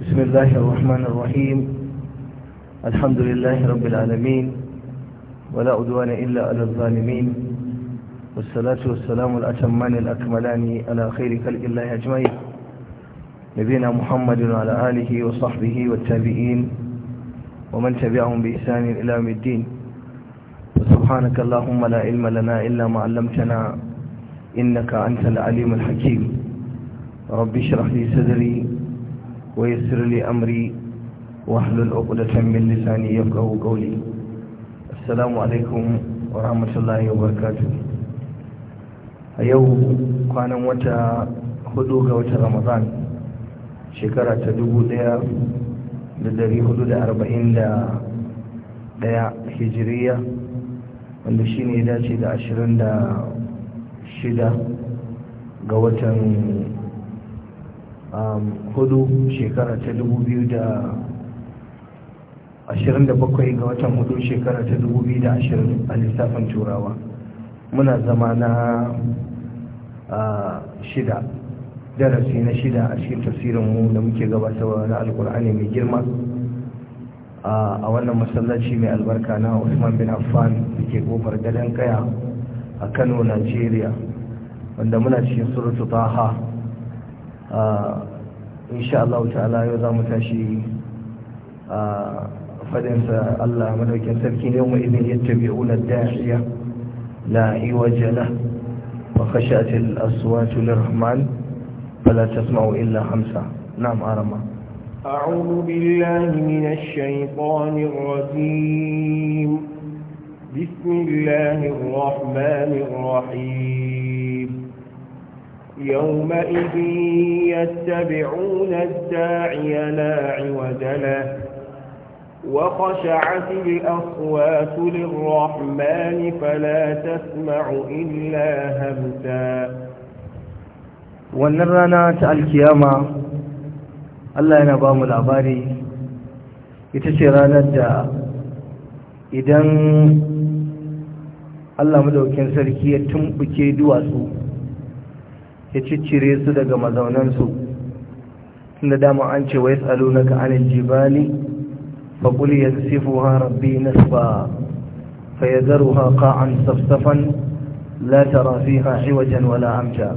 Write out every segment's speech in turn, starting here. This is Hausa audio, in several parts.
بسم الله الرحمن الرحيم الحمد لله رب العالمين ولا أدوان إلا على الظالمين والصلاة والسلام الأتمان الأكملان على خير خلق الله أجمعين نبينا محمد وعلى آله وصحبه والتابعين ومن تبعهم بإحسان إلى يوم الدين سبحانك اللهم لا علم لنا إلا ما علمتنا إنك أنت العليم الحكيم رب اشرح لي صدري ويسر لي أمري واحلل عقدة من لساني يفقه قولي السلام عليكم ورحمة الله وبركاته أيوه كان متى hudu ga watan ramadan shekara ta dubu ɗaya da dari hudu da arba'in da daya hijiriya wanda shi ne dace da ashirin da shida ga watan Um, hudu shekara ta dubu ga watan hudu shekara ta dubu biyu da ashirin a lissafin turawa muna zama na shida darasi na shida a cikin tafsirinmu da muke gabatarwa na alkur'ani mai girma a wannan masallaci mai albarka na usman bin affan da ke kofar gadon kaya a kano nigeria wanda muna cikin surutu ha insha Allah ta'ala yau za mu tashi a fadinsa Allah madaukin sarki ne mai izin yadda bi unar da'iya la iwajala wa khashatil aswatu lirrahman fala tasma'u illa hamsa na'am arama أعوذ بالله من الشيطان الرجيم بسم الله الرحمن يومئذ يتبعون الداعي لا عوج له وخشعت الأصوات للرحمن فلا تسمع إلا همتا ونرنا الكيامة الله ينبام العباري يتسيران الداع إذن الله ملوكين سركية تنبكي دواسو ya ciccire su daga mazaunansu tunda dama an ce wa yas'alunaka anil jibali ya qul yansifuha rabbi nasfa fayadharuha qa'an safsafan la tara fiha iwajan wala amja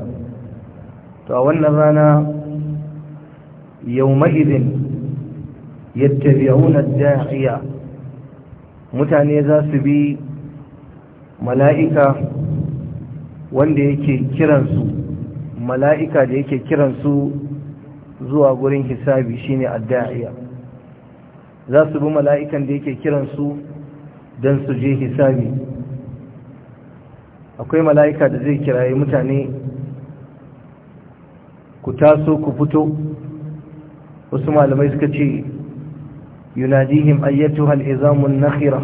to a wannan rana yawma idin yattabi'una ad-da'iya mutane za su bi mala'ika wanda yake kiransu mala'ika da yake kiransu zuwa gurin hisabi shine adda'iya za su bi mala'ikan da yake kiransu don su je hisabi akwai mala'ika da zai kiraye mutane ku taso ku fito wasu malamai suka ce yunadihim ayyatuha al'izamun nakhira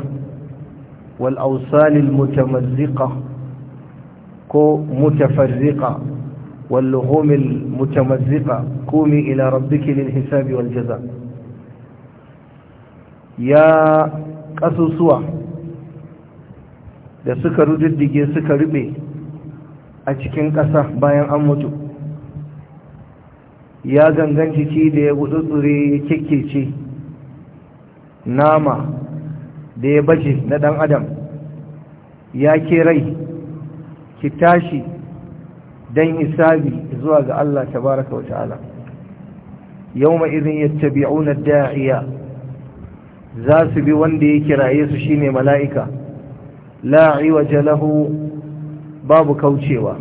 wal ausalil mutamazziqa ko mutafarriqa واللغوم المتمزقة قومي إلى ربك للحساب والجزاء يا قصصوا da suka rududdige suka rube a cikin ƙasa bayan an mutu ya gangan jiki da ya gutsutsure ya kekkece nama da ya baje na ɗan adam ya ke rai ki tashi dan isabi zuwa ga Allah tabaraka wa ta'ala yawma idhin yattabi'una daiya za su bi wanda ya kiraye su shine mala'ika la iwaja lahu babu kaucewa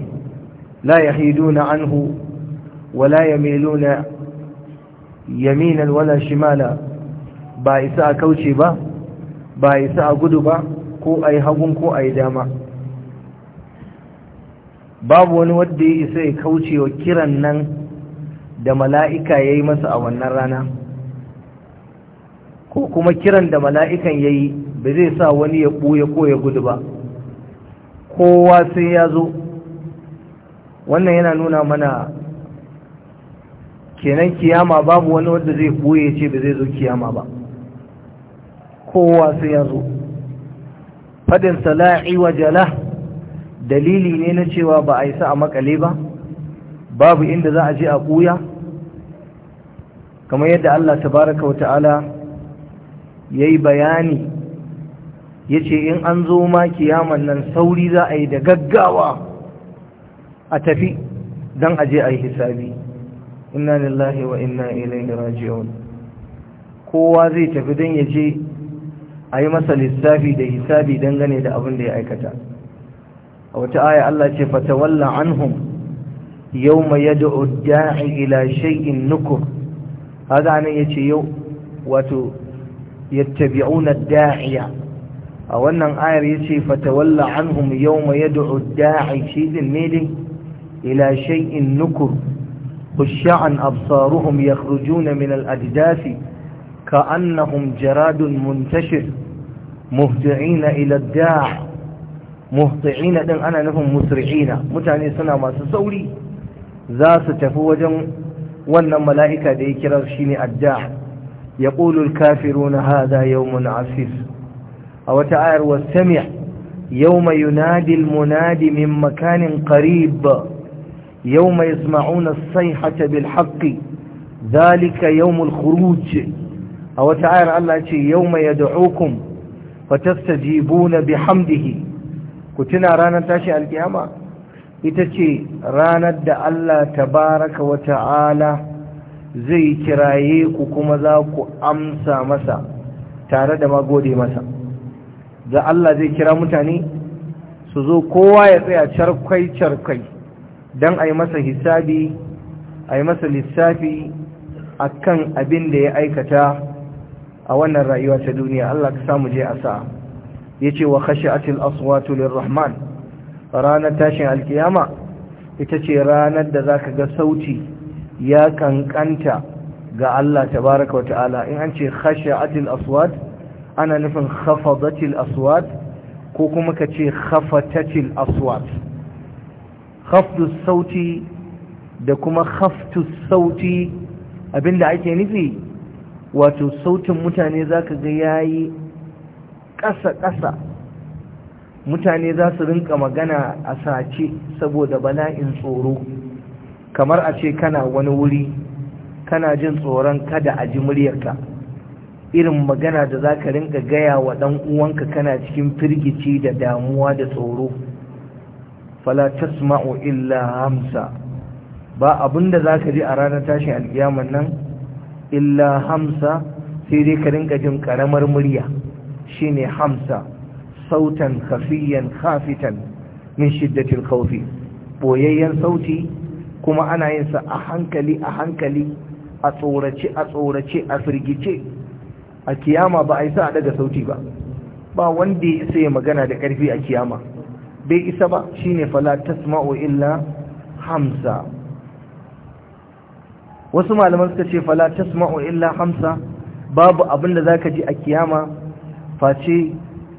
la yahiduna anhu wala yamiluna yaminan wala shimala ba isa a kauce ba ba isa a gudu ba ko a yi hagun ko a yi dama babu wani wanda ya isa ya kauce wa kiran nan da mala'ika ya yi masa a wannan rana ko kuma kiran da mala'ikan ya yi ba zai sa wani ya ɓuya ko ya gudu ba kowa sai ya zo wannan yana nuna mana kenan kiyama babu wani wanda zai ɓuya ce ba zai zo kiyama ba kowa sai ya zo fadin sala'i wa jala dalili ne na cewa ba a yi sa a makale ba babu inda za a je a ƙuya? kamar yadda Allah tabaraka ta'ala ya yi bayani ya ce in an zo ma kiyaman nan sauri za a yi da gaggawa a tafi don a je a yi hisabi inna lillahi wa inna ilaihi raji'un kowa zai tafi don ya je a yi masa lissafi da hisabi dangane da abin da ya aikata a wata aya Allah ce fatawalla anhum yawma yad'u ad-da'i ila shay'in nukur hada anan yace yau wato yattabi'una ad-da'iya a wannan ayar yace fatawalla anhum yawma yad'u ad-da'i shay'in mili ila shay'in nukur خشعا أبصارهم يخرجون من الأجداث كأنهم جراد منتشر مهدعين إلى الداع muhti'ina din ana nufin musri'ina mutane suna masu sauri za su tafi wajen wannan mala'ika da ya kira shi ne adda ya ƙulul kafiru na hada yawmun asif a wata ayar wasamiya yawma yunadil munadi min makanin qarib yawma yasma'una sai sayhata bil haqqi dhalika yawmul khuruj a wata ayar Allah ce yawma yad'ukum fatastajibuna bihamdihi ku tuna ranar tashi alkiyama ita ce ranar da Allah tabaraka wa ta'ala zai kiraye ku kuma za ku amsa masa tare da magode masa da Allah zai kira mutane su zo kowa ya tsaya carkwai-carkwai don a yi masa hisabi a yi masa lissafi kan abin da ya aikata a wannan rayuwa ta duniya Allah ka samu je a sa'a yace wa khashi'atil aswatu lirrahman ranar tashin alkiyama ita ce ranar da zaka ga sauti ya kankanta ga Allah tabaraka wa ta'ala in an ce khashi'atil aswat ana nufin khafadatil aswat ko kuma ka ce khafatatil aswat khafdus sauti da kuma khaftu sauti abinda ake nufi wato sautin mutane zaka ga yayi ƙasa-ƙasa mutane za su rinka magana a sace saboda bala'in tsoro kamar a ce kana wani wuri kana jin tsoron kada a ji muryarka irin magana da za ka rinka gaya wa ɗan uwanka kana cikin firgici da damuwa da tsoro fala tasma'u illa hamsa ba abinda za ka ji a ranar tashin alkiyaman nan illa hamsa sai dai ka rinka jin ƙaramar murya shine hamsa sautan khafiyan kafitan min shiddatil khawfi boyayyen sauti kuma ana yin sa a hankali a hankali a tsorace a tsorace a firgice a kiyama ba a yi sa a daga sauti ba ba wanda ya sai magana da ƙarfi a kiyama bai isa ba shine fala tasma'u illa hamsa wasu malaman suka ce fala tasma'u illa hamsa babu abinda zaka ji a kiyama face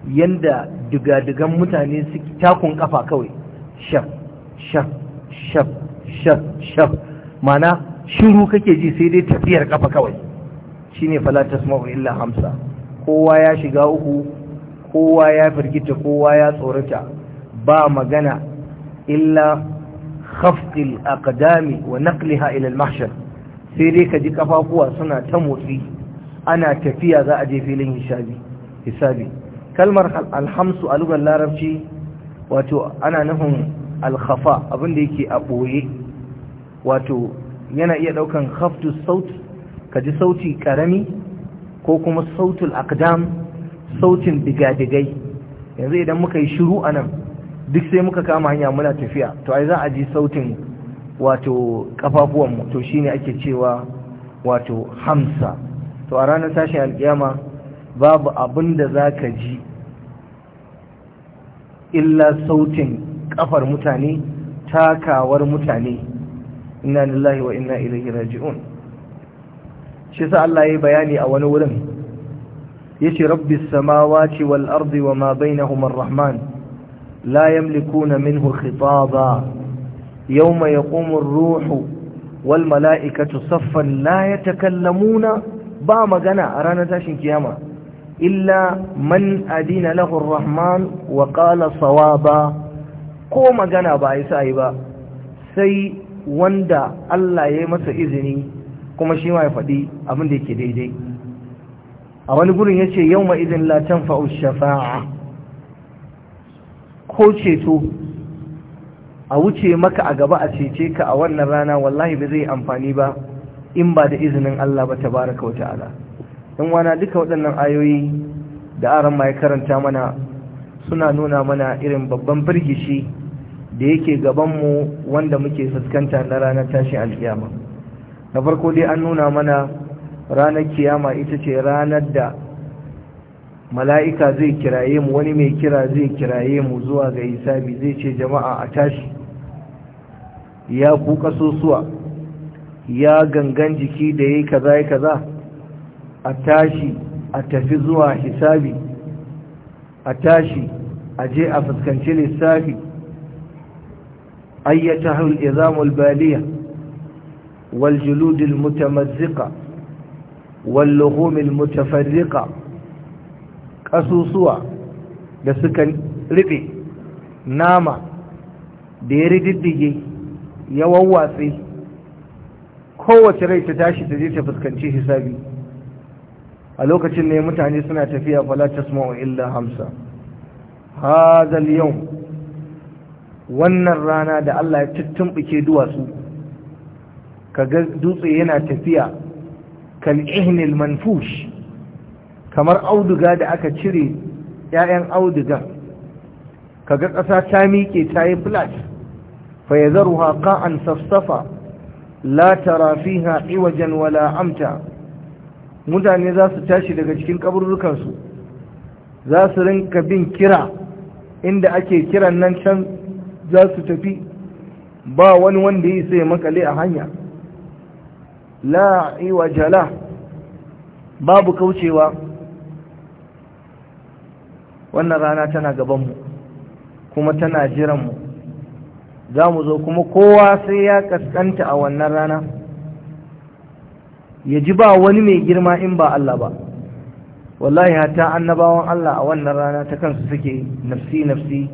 yanda digadigan mutane su takun kafa kawai shaf shaf shaf shaf shaf mana shiru kake ji sai dai tafiyar kafa kawai shine fala tasma'u illa hamsa kowa ya shiga uku kowa ya firgita kowa ya tsorata ba magana illa khafqil akadami wa naqliha ila al-mahshar sai dai kaji kafafuwa suna ta motsi ana tafiya za a je filin hisabi hisabi kalmar alhamsu a lugar larabci wato ana nufin alkhafa abinda yake a ɓoye wato yana iya ɗaukan haftu saut ka ji sauti ƙarami ko kuma sautul akdam sautin digadigai yanzu idan muka yi shiru a nan duk sai muka kama hanya muna tafiya to ai za a ji sautin wato kafafuwanmu to shine ake cewa wato hamsa to a ranar tashin alkiyama babu abin da za ka ji illa sautin kafar mutane takawar mutane inna lillahi wa inna ilaihi raji'un shi sa Allah ya bayani a wani wurin yace rabbis samawati wal ardi baina bainahuma rahman. la yamlikuna minhu khitaba yawma yaqumu ar-ruhu wal mala'ikatu saffan la yatakallamuna ba magana a ranar tashin kiyama illa man adina lahu rahman wa qala sawaba ko magana ba yi sai ba sai wanda Allah ya yi masa izini kuma shi ma ya faɗi abin da yake daidai a wani gurin yace yawma idin la tanfa'u shafa'a ko ceto a wuce maka a gaba a cece ka a wannan rana wallahi ba zai amfani ba in ba da izinin Allah ba baraka wa ta'ala in wana duka waɗannan ayoyi da aron ma ya karanta mana suna nuna mana irin babban firgishi da yake gabanmu wanda muke fuskanta na ranar tashin alkiyama na farko dai an nuna mana ranar kiyama ita ce ranar da mala'ika zai kiraye mu wani mai kira zai kiraye mu zuwa ga isabi zai ce jama'a a tashi ya kuka sosuwa ya gangan jiki da ya yi kaza ya kaza a tashi a tafi zuwa hisabi a tashi a je a fuskanci lissafi ayyata hul izamul baliya wal juludul mutamazziqa wal luhumil mutafarriqa kasusuwa da suka ribe nama da ya rididdige ya wawwatse kowace rai ta tashi ta je ta fuskanci hisabi a lokacin ne mutane suna tafiya fala tasma'u hamsa Hazal yau. wannan rana da Allah ya tuttumbuke duwatsu kaga dutse yana tafiya kan ihnil manfush kamar auduga da aka cire 'ya'yan audugan kaga ƙasa ta miƙe ta yi flat fa yadharuha an safsafa la tara fiha iwajan wala amta mutane za su tashi daga cikin kaburrukansu za su rinka bin kira inda ake kiran nan can za su tafi ba wani wanda yi sai makale a hanya la'iwa jala babu kaucewa wannan rana tana gabanmu kuma tana jiranmu za mu zo kuma kowa sai ya kaskanta a wannan rana ya ji ba wani mai girma in ba Allah ba wallahi hata annabawan Allah a wannan rana ta kansu suke nafsi nafsi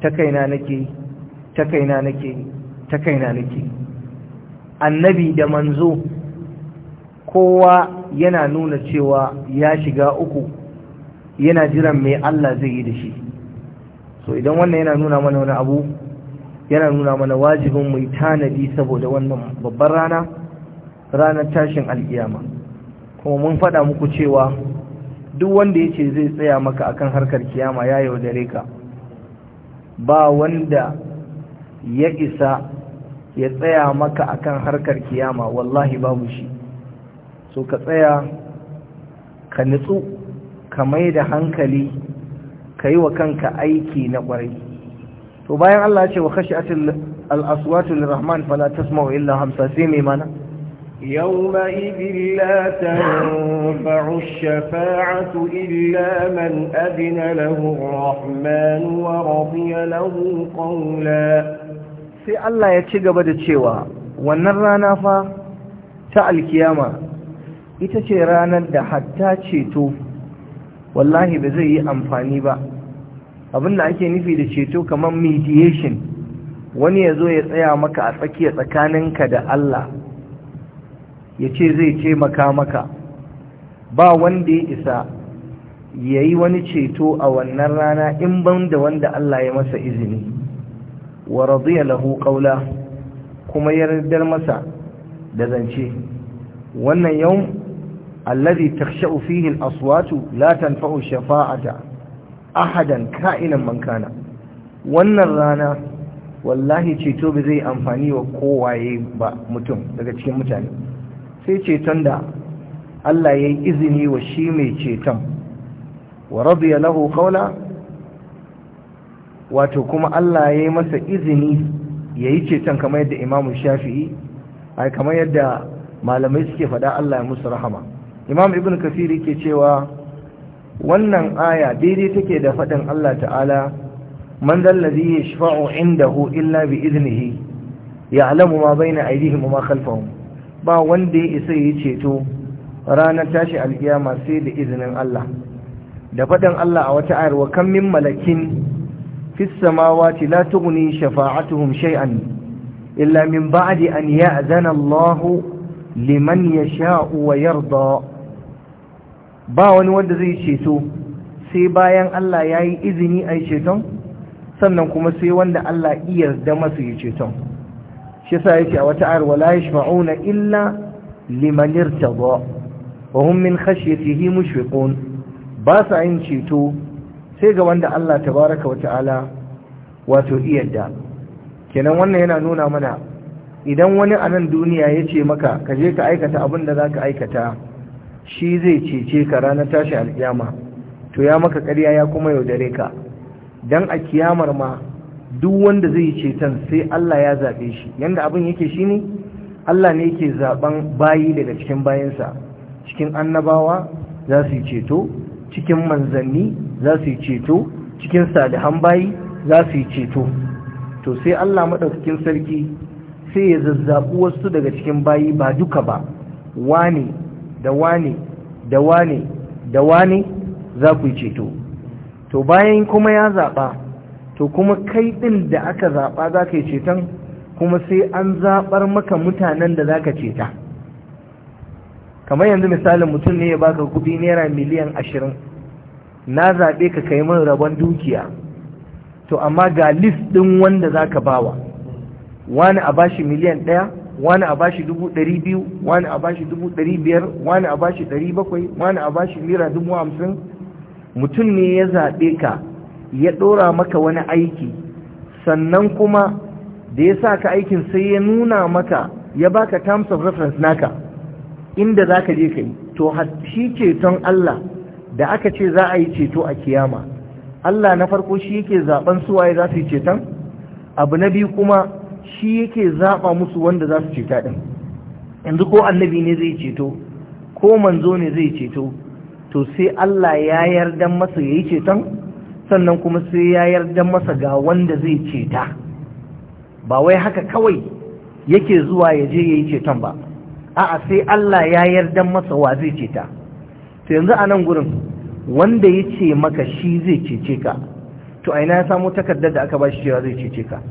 ta kaina nake ta kaina nake ta kaina nake annabi da manzo kowa yana nuna cewa ya shiga uku yana jiran mai Allah zai yi da shi so idan wannan yana nuna mana wani abu yana nuna mana wajibin mai tanadi saboda wannan babbar rana ranar tashin alkiyama kuma mun faɗa muku cewa duk wanda ya ce zai tsaya maka akan harkar kiyama ya yaudare ka ba wanda ya isa ya tsaya maka akan harkar kiyama wallahi babu shi so ka tsaya ka nutsu ka mai da hankali ka yi wa kanka aiki na ƙwarai to bayan Allah ce wa kashi al-aswatu lirrahman fala tasma'u illa hamsa sai mai mana يومئذ لا تنفع الشفاعة إلا من أذن له الرحمن ورضي له قولا sai Allah ya ci gaba da cewa wannan rana fa ta alkiyama ita ce ranar da hatta ceto wallahi ba zai yi amfani ba abinda ake nufi da ceto kamar mediation wani ya zo ya tsaya maka a tsakiya tsakaninka da Allah ya ce zai taimaka maka ba wanda ya isa ya yi wani ceto a wannan rana in ban da wanda Allah ya masa izini wa radiya lahu qawla kuma yardar masa da zance wannan yawm alladhi takhsha'u fihi aswatu la tanfa'u shafa'ata ahadan ka'inan man wannan rana wallahi ceto ba zai amfani wa kowaye ba mutum daga cikin mutane sai ceton da Allah ya yi izini wa shi mai ceton wa rabu ya lahu kaula wato kuma Allah ya yi masa izini ya yi ceton kamar yadda imamu shafi'i ai kamar yadda malamai suke faɗa Allah ya musu rahama imam ibn kasir yake cewa wannan aya daidai take da faɗin Allah ta'ala man zallazi inda indahu illa bi ya alamu ma bai baina aidihin mu ma kalfahun ba wanda ya isa yi ceto ranar tashi alkiyama sai da izinin Allah da faɗin Allah a wata ayar kan min malakin fis samawati la tughni shafa'atuhum shay'an illa min ba'di an ya'zana Allah liman yasha'u wa yarda ba wani wanda zai ceto sai bayan Allah yayi izini ai ceton sannan kuma sai wanda Allah iya yarda masa yi ceton shi sa yake a wata ayar wala yashfa'una illa limanir irtada wa hum min khashyatihi mushfiqun ba sa yin ceto sai ga wanda Allah ta baraka wa ta'ala wato iyadda kenan wannan yana nuna mana idan wani a nan duniya ya ce maka ka je ka aikata abin da za ka aikata shi zai cece ka ranar tashi alkiyama to ya maka ƙarya ya kuma yaudare ka don a kiyamar ma duk wanda zai yi ceton sai Allah ya zaɓe shi yanda abin yake shi ne Allah ne yake zaɓen bayi daga cikin bayansa cikin annabawa za su yi ceto cikin manzanni za su yi ceto cikin salihan bayi za su yi ceto to sai Allah maɗaukakin sarki sai ya zazzaɓi wasu daga cikin bayi ba duka ba wane da wane da wane da wane za ku yi ceto to bayan kuma ya zaɓa to kuma kai ɗin da aka zaɓa za ka yi ceton kuma sai an zaɓar maka mutanen da za ka ceta kamar yanzu misalin mutum ne ya baka kuɗi naira miliyan ashirin na zaɓe ka kai min rabon dukiya to amma ga list ɗin wanda za ka bawa wani a bashi miliyan ɗaya wani a bashi dubu ɗari biyu wani a bashi dubu ɗari biyar wani a bashi ɗari bakwai wani a bashi naira dubu hamsin mutum ne ya zaɓe ka ya ɗora maka wani aiki sannan kuma da ya sa ka aikin sai ya nuna maka ya baka terms of reference naka inda za ka je kai to shi ceton Allah da aka ce za a yi ceto a kiyama Allah na farko shi yake zaben waye za su yi ceton abu na biyu kuma shi yake zaba musu wanda za su ceta din yanzu ko annabi ne zai ceto ko manzo ne zai ceto to sai Allah ya yarda masa yayi ceton sannan kuma sai ya yarda masa ga wanda zai ceta ba wai haka kawai yake zuwa ya je yayi ceton ba a'a sai Allah ya yarda masa wa zai ceta to yanzu a nan gurin wanda ya ce maka shi zai cece ka to aina ya samu takardar da aka ba shi cewa zai cece ka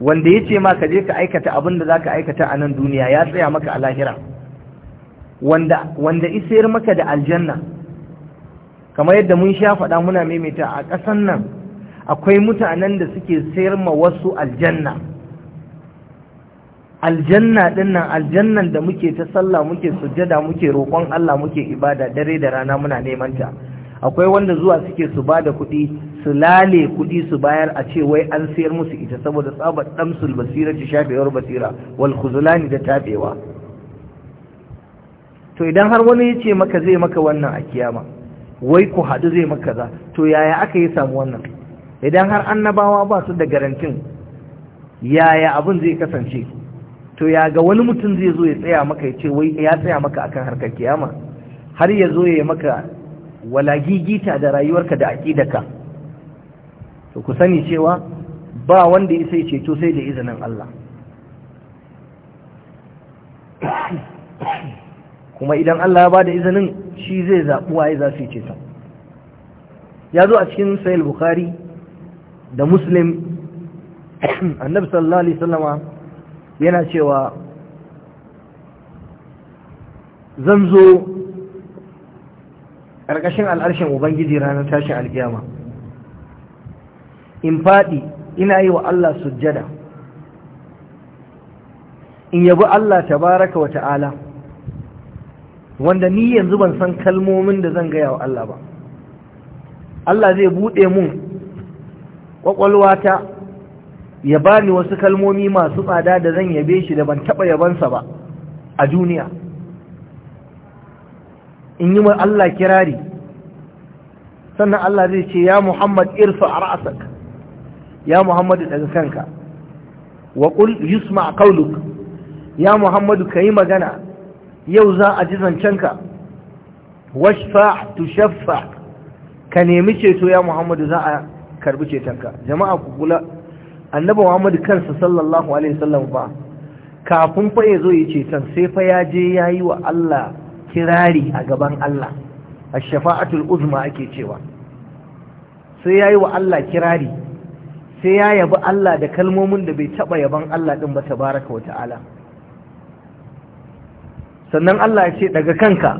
wanda ya ce ma ka je ka aikata abin da za ka aikata a nan duniya ya tsaya maka a lahira wanda isayar maka da aljanna kamar yadda mun sha faɗa muna maimaita a ƙasan nan akwai mutanen da suke sayar ma wasu aljanna aljanna ɗin nan aljannan da muke ta sallah muke sujjada muke roƙon Allah muke ibada dare da rana muna neman ta akwai wanda zuwa suke su ba da kuɗi su lale kuɗi su bayar a ce wai an sayar musu ita saboda tsabar ɗamsul basira ci shafewar basira wal khuzulani da tabewa to idan har wani ya ce maka zai maka wannan a kiyama wai ku haɗu zai maka za? to yaya aka yi samu wannan idan har annabawa ba su da garantin yaya abin zai kasance to ya ga wani mutum zai zo ya tsaya maka ya ce wai ya tsaya maka akan harkar kiyama har ya zo ya maka walagigita da rayuwarka da aƙidaka to ku sani cewa ba wanda ya sai ceto sai da izinin Allah kuma idan Allah ya ba da izinin shi zai zaɓi waye za su yi ceto ya zo a cikin sayil bukhari da muslim annabi sallallahu alaihi wasallama yana cewa zan zo ƙarƙashin al'arshin ubangiji ranar tashin alkiyama in faɗi ina yi wa Allah sujjada in yabi Allah tabaraka wa ta'ala wanda ni yanzu ban san kalmomin da zan gaya wa Allah ba Allah zai buɗe mun ƙwaƙwalwata ya bani wasu kalmomi masu tsada da zan yabe shi da ban taɓa yabansa ba a duniya in yi Allah kirari sannan Allah zai ce ya Muhammad irfa a ra'asak ya Muhammadu daga kanka wa ƙul yusma a kauluk ya Muhammadu ka yi magana yau za a ji zancenka washfa tushaffa ka nemi ceto ya muhammadu za a karbi cetonka jama'a ku kula annabi muhammadu kansa sallallahu alaihi wasallam ba kafin fa ya zo ya ceton sai fa ya je ya yi wa Allah kirari a gaban Allah a shafa'atul uzma ake cewa sai ya yi wa Allah kirari sai ya yabi Allah da kalmomin da bai taɓa yaban Allah ɗin ba tabaraka wa ta'ala sannan Allah ya ce daga kanka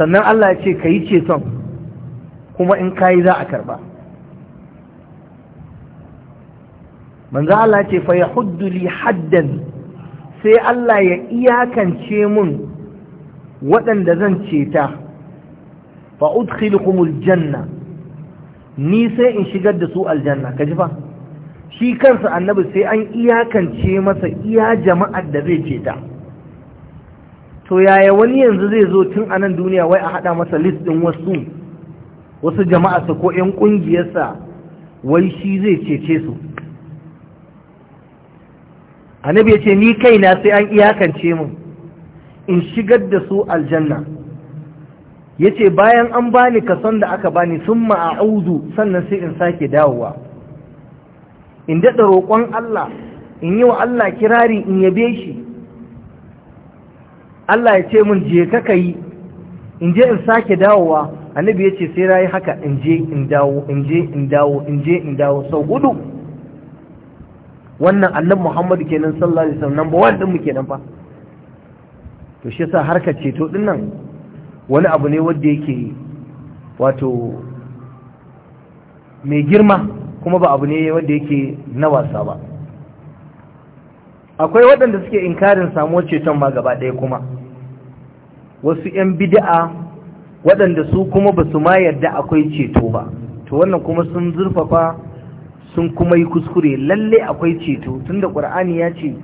sannan Allah ya ce ka yi ceton kuma in ka yi za a karba manzo Allah ya ce fa ya li haddan sai Allah ya iyakance mun waɗanda zan ceta fa udkhilukumul janna ni sai in shigar da su aljanna ka ji fa shi kansa annabi sai an iyakance masa iya jama'ar da zai ceta to yaya wani yanzu zai zo tun anan duniya wai a haɗa masa list ɗin wasu wasu su ko 'yan ƙungiyarsa wai shi zai cece su annabi ya ce ni kaina sai an iyakance mu in shigar da su aljanna ya ce bayan an bani kason da aka bani sun ma'audu sannan sai in sake dawowa in daɗa roƙon Allah in yi wa Allah kirari in yabe shi Allah ya ce mun je ka kai in je in sake dawowa annabi ya ce sai rayi haka in je in dawo in je in dawo in je in dawo sau gudu wannan annabi Muhammadu kenan sallallahu alaihi wasallam number 1 din mu kenan fa to shi yasa harkar ceto din nan wani abu ne wanda yake wato mai girma kuma ba abu ne wanda yake na wasa ba akwai waɗanda suke inkarin samuwar ceton ma gaba ɗaya kuma wasu 'yan bida'a waɗanda su kuma ba su ma yarda akwai ceto ba to wannan kuma sun zurfafa sun kuma yi kuskure lalle akwai ceto Tun da ƙur'ani ya ce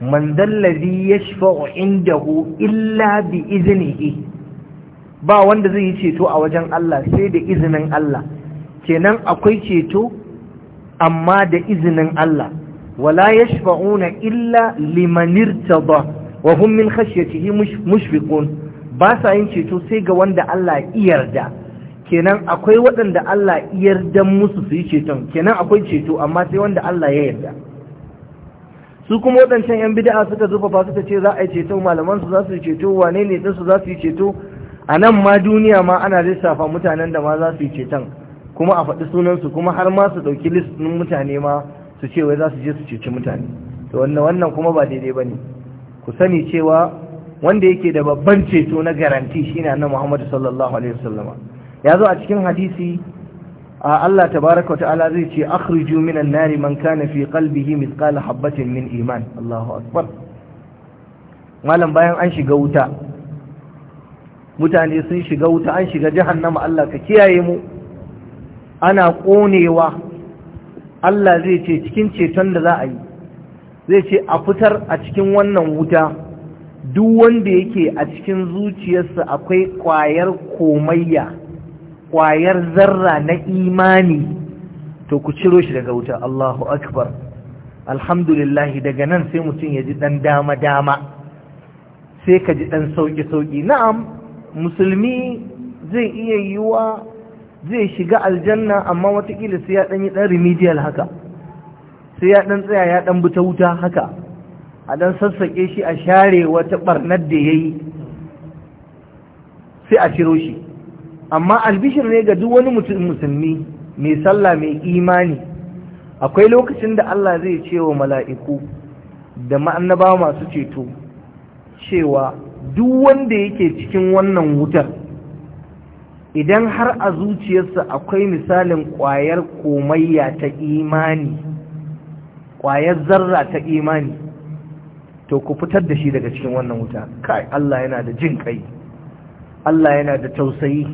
man dallazi inda indahu illa bi iznihi ba wanda zai yi ceto a wajen Allah sai da izinin Allah kenan akwai ceto amma da izinin Allah wala يشفعون illa لمن ارتضى وهم من خشيته مشفقون باسا ينشي sa yin ceto sai ga wanda Allah kenan akwai waɗanda Allah yarda musu su yi ceton kenan akwai ceto amma sai wanda Allah ya yarda su kuma waɗancan 'yan bida'a suka ba suka ce za a yi ceto malaman su za su yi ceto wane ne ɗinsu za su yi ceto a nan ma duniya ma ana lissafa mutanen da ma za su yi ceton kuma a faɗi sunansu kuma har ma su ɗauki listin mutane ma su ce wai za su je su ceci mutane to wannan wannan kuma ba daidai bane ku sani cewa wanda yake da babban ceto na garanti shine annabi Muhammad sallallahu alaihi wasallama zo a cikin hadisi a Allah tabaaraka ta'ala zai ce akhriju minan nari man kana fi qalbihi mithqal habatin min iman Allahu akbar malam bayan an shiga wuta mutane sun shiga wuta an shiga jahannama Allah ka kiyaye mu ana konewa Allah zai ce cikin ceton da za a yi zai ce a fitar a cikin wannan wuta duk wanda yake a cikin zuciyarsa akwai ƙwayar komayya ƙwayar zarra na imani to ku ciro shi daga wuta Allahu akbar alhamdulillahi daga nan sai mutum ya ji ɗan dama-dama sai ka ji ɗan sauƙi-sauƙi na'am musulmi zai iya yiwa zai shiga aljanna amma watakila sai ya dan yi dan remedial haka sai ya dan tsaya ya dan buta wuta haka a dan sassake shi a share wata barnar da yayi sai a ciro shi amma albishir ne ga duk wani mutum musulmi mai sallah mai imani akwai lokacin da Allah zai ce wa mala'iku da ma'annaba masu ceto cewa duk wanda yake cikin wannan wutar idan har a zuciyarsa akwai misalin ƙwayar komayya ta imani ƙwayar zarra ta imani to ku fitar da shi daga cikin wannan wuta kai Allah yana da jin kai Allah yana da tausayi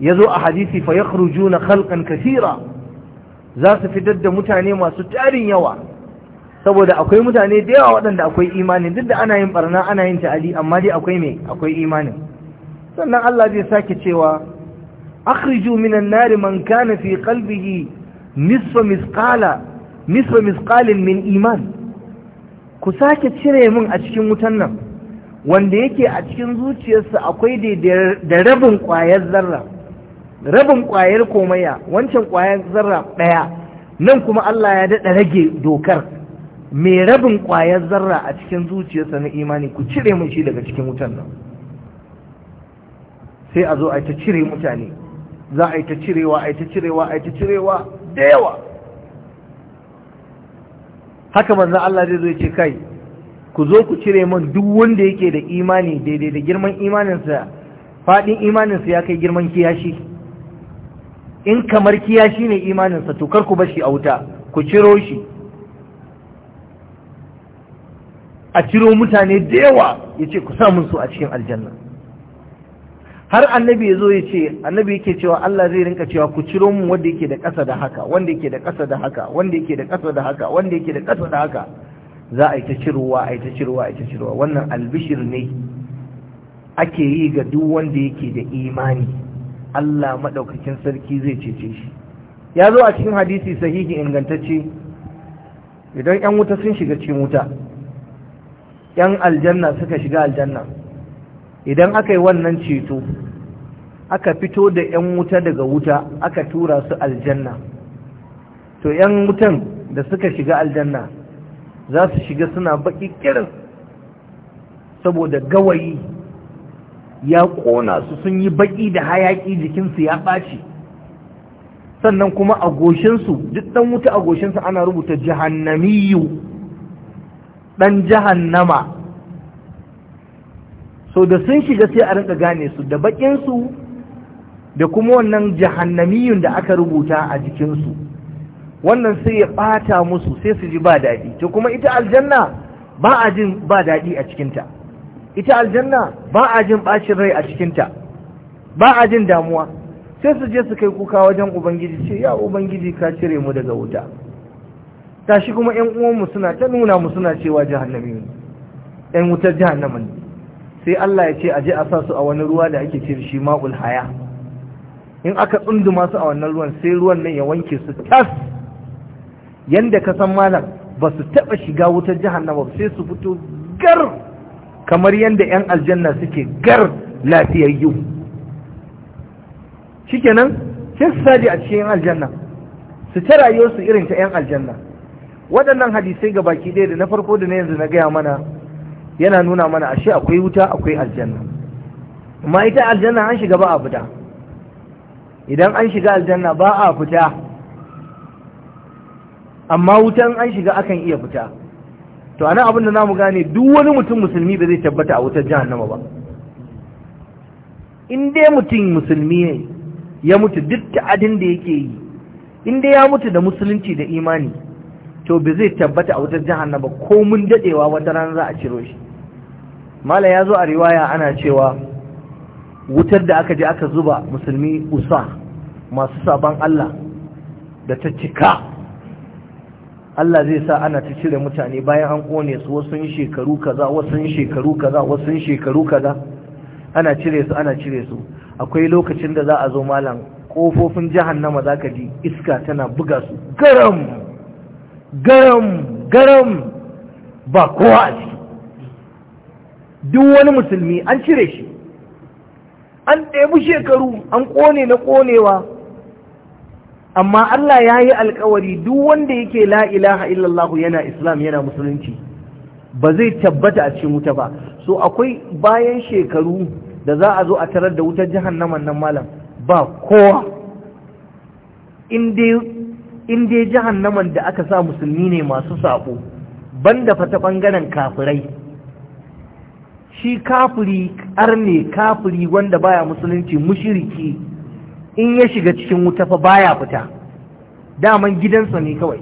yazo a hadisi fa yakhrujuna khalqan kathira za su fitar da mutane masu tarin yawa saboda akwai mutane da yawa waɗanda akwai imani duk da ana yin barna ana yin ta'ali amma dai akwai me akwai imanin sannan Allah zai sake cewa akhriju minan nari man kana fi qalbihi nisfa misqala nisfa misqalin min iman ku sake cire min a cikin wutan nan wanda yake a cikin zuciyarsa akwai da rabin kwayar zarra rabin kwayar komaiya wancan kwayar zarra daya nan kuma Allah ya dada rage dokar mai rabin kwayar zarra a cikin zuciyarsa na imani ku cire mun shi daga cikin wutan nan sai a zo a ta cire mutane za a yi ta cirewa a yi ta cirewa a yi ta cirewa da yawa haka manzan Allah zai zo ya ce kai ku zo ku cire min duk wanda yake da imani daidai da girman imaninsa faɗin imaninsa ya kai girman kiyashi in kamar kiyashi ne imaninsa to kar ku bashi a wuta ku ciro shi a ciro mutane da yawa ya ce ku samun su a cikin aljanna har annabi ya zo ya ce annabi yake cewa Allah zai rinka cewa ku ciro mu wanda yake da ƙasa da haka wanda yake da ƙasa da haka wanda yake da ƙasa da haka wanda yake da ƙasa da haka za a yi ta cirowa a yi ta cirowa a yi ta cirowa wannan albishir ne ake yi ga duk wanda yake da imani Allah madaukakin sarki zai cece shi ya zo a cikin hadisi sahihi ingantacce idan yan wuta sun shiga cikin wuta yan aljanna suka shiga aljanna idan aka yi wannan ceto aka fito da 'yan wuta daga wuta aka tura su aljanna to 'yan wutan da suka shiga aljanna za su shiga suna baki kirin saboda gawayi ya ƙona su sun yi baki da hayaƙi jikinsu ya ɓaci sannan kuma a goshinsu duk ɗan wuta a goshinsu ana rubuta jihannamiyu ɗan jihannama. so da sun shiga sai a rinka gane su da bakinsu da kuma wannan jahannamiyun da aka rubuta a jikinsu wannan sai ya ɓata musu sai su ji ba daɗi to kuma ita aljanna ba a jin ba daɗi a cikinta ita aljanna ba a jin ɓacin rai a cikinta ba a jin damuwa sai su je su kai kuka wajen ubangiji ce ya ubangiji ka cire mu daga wuta tashi kuma 'yan uwanmu suna ta nuna mu suna cewa jahannami 'yan wutar jahannama ne sai Allah ya ce a je a sa su a wani ruwa da ake ce shi ma'ul haya in aka tsunduma su a wannan ruwan sai ruwan nan ya wanke su tas yanda ka san malam ba su taba shiga wutar jahannama sai su fito gar kamar yanda yan aljanna suke gar lafiyayyu shikenan sai su sadi a cikin aljanna su ta rayuwarsu irin ta yan aljanna waɗannan hadisai ga baki ɗaya da na farko da na yanzu na gaya mana yana nuna mana ashe akwai wuta akwai aljanna amma ita aljanna an shiga ba a fita idan an shiga aljanna ba a fita amma wutan an shiga akan iya fita to ana abin da na mu gane duk wani mutum musulmi ba zai tabbata a wutar jahannama ba in dai mutum musulmi ne ya mutu duk ta'adin da yake yi in dai ya mutu da musulunci da imani to ba zai tabbata a wutar jahannama ko mun dadewa wata ran za a ciro shi mala ya zo a riwaya ana cewa wutar da aka je aka zuba musulmi usa masu sabon Allah da ta cika Allah zai sa ana ta cire mutane bayan an kone su wasu shekaru kaza wasu shekaru kaza wasu shekaru kaza ana cire su ana cire su akwai lokacin da za a zo malam kofofin jahannama ka ji iska tana buga su garam garam garam ba kowa a ciki duk wani musulmi an cire shi an ɗebi shekaru an ƙone na ƙonewa amma Allah ya yi alkawari duk wanda yake la ilaha illallahu yana islam yana musulunci ba zai tabbata a cikin wuta ba so akwai bayan shekaru da za a zo a tarar da wutar jahannaman nan malam ba kowa in dai jahannaman da aka sa musulmi ne masu saƙo banda fata ɓangaren kafirai shi kafiri ƙarne kafiri wanda baya musulunci mushiriki in ya shiga cikin wuta fa baya fita daman gidansa ne kawai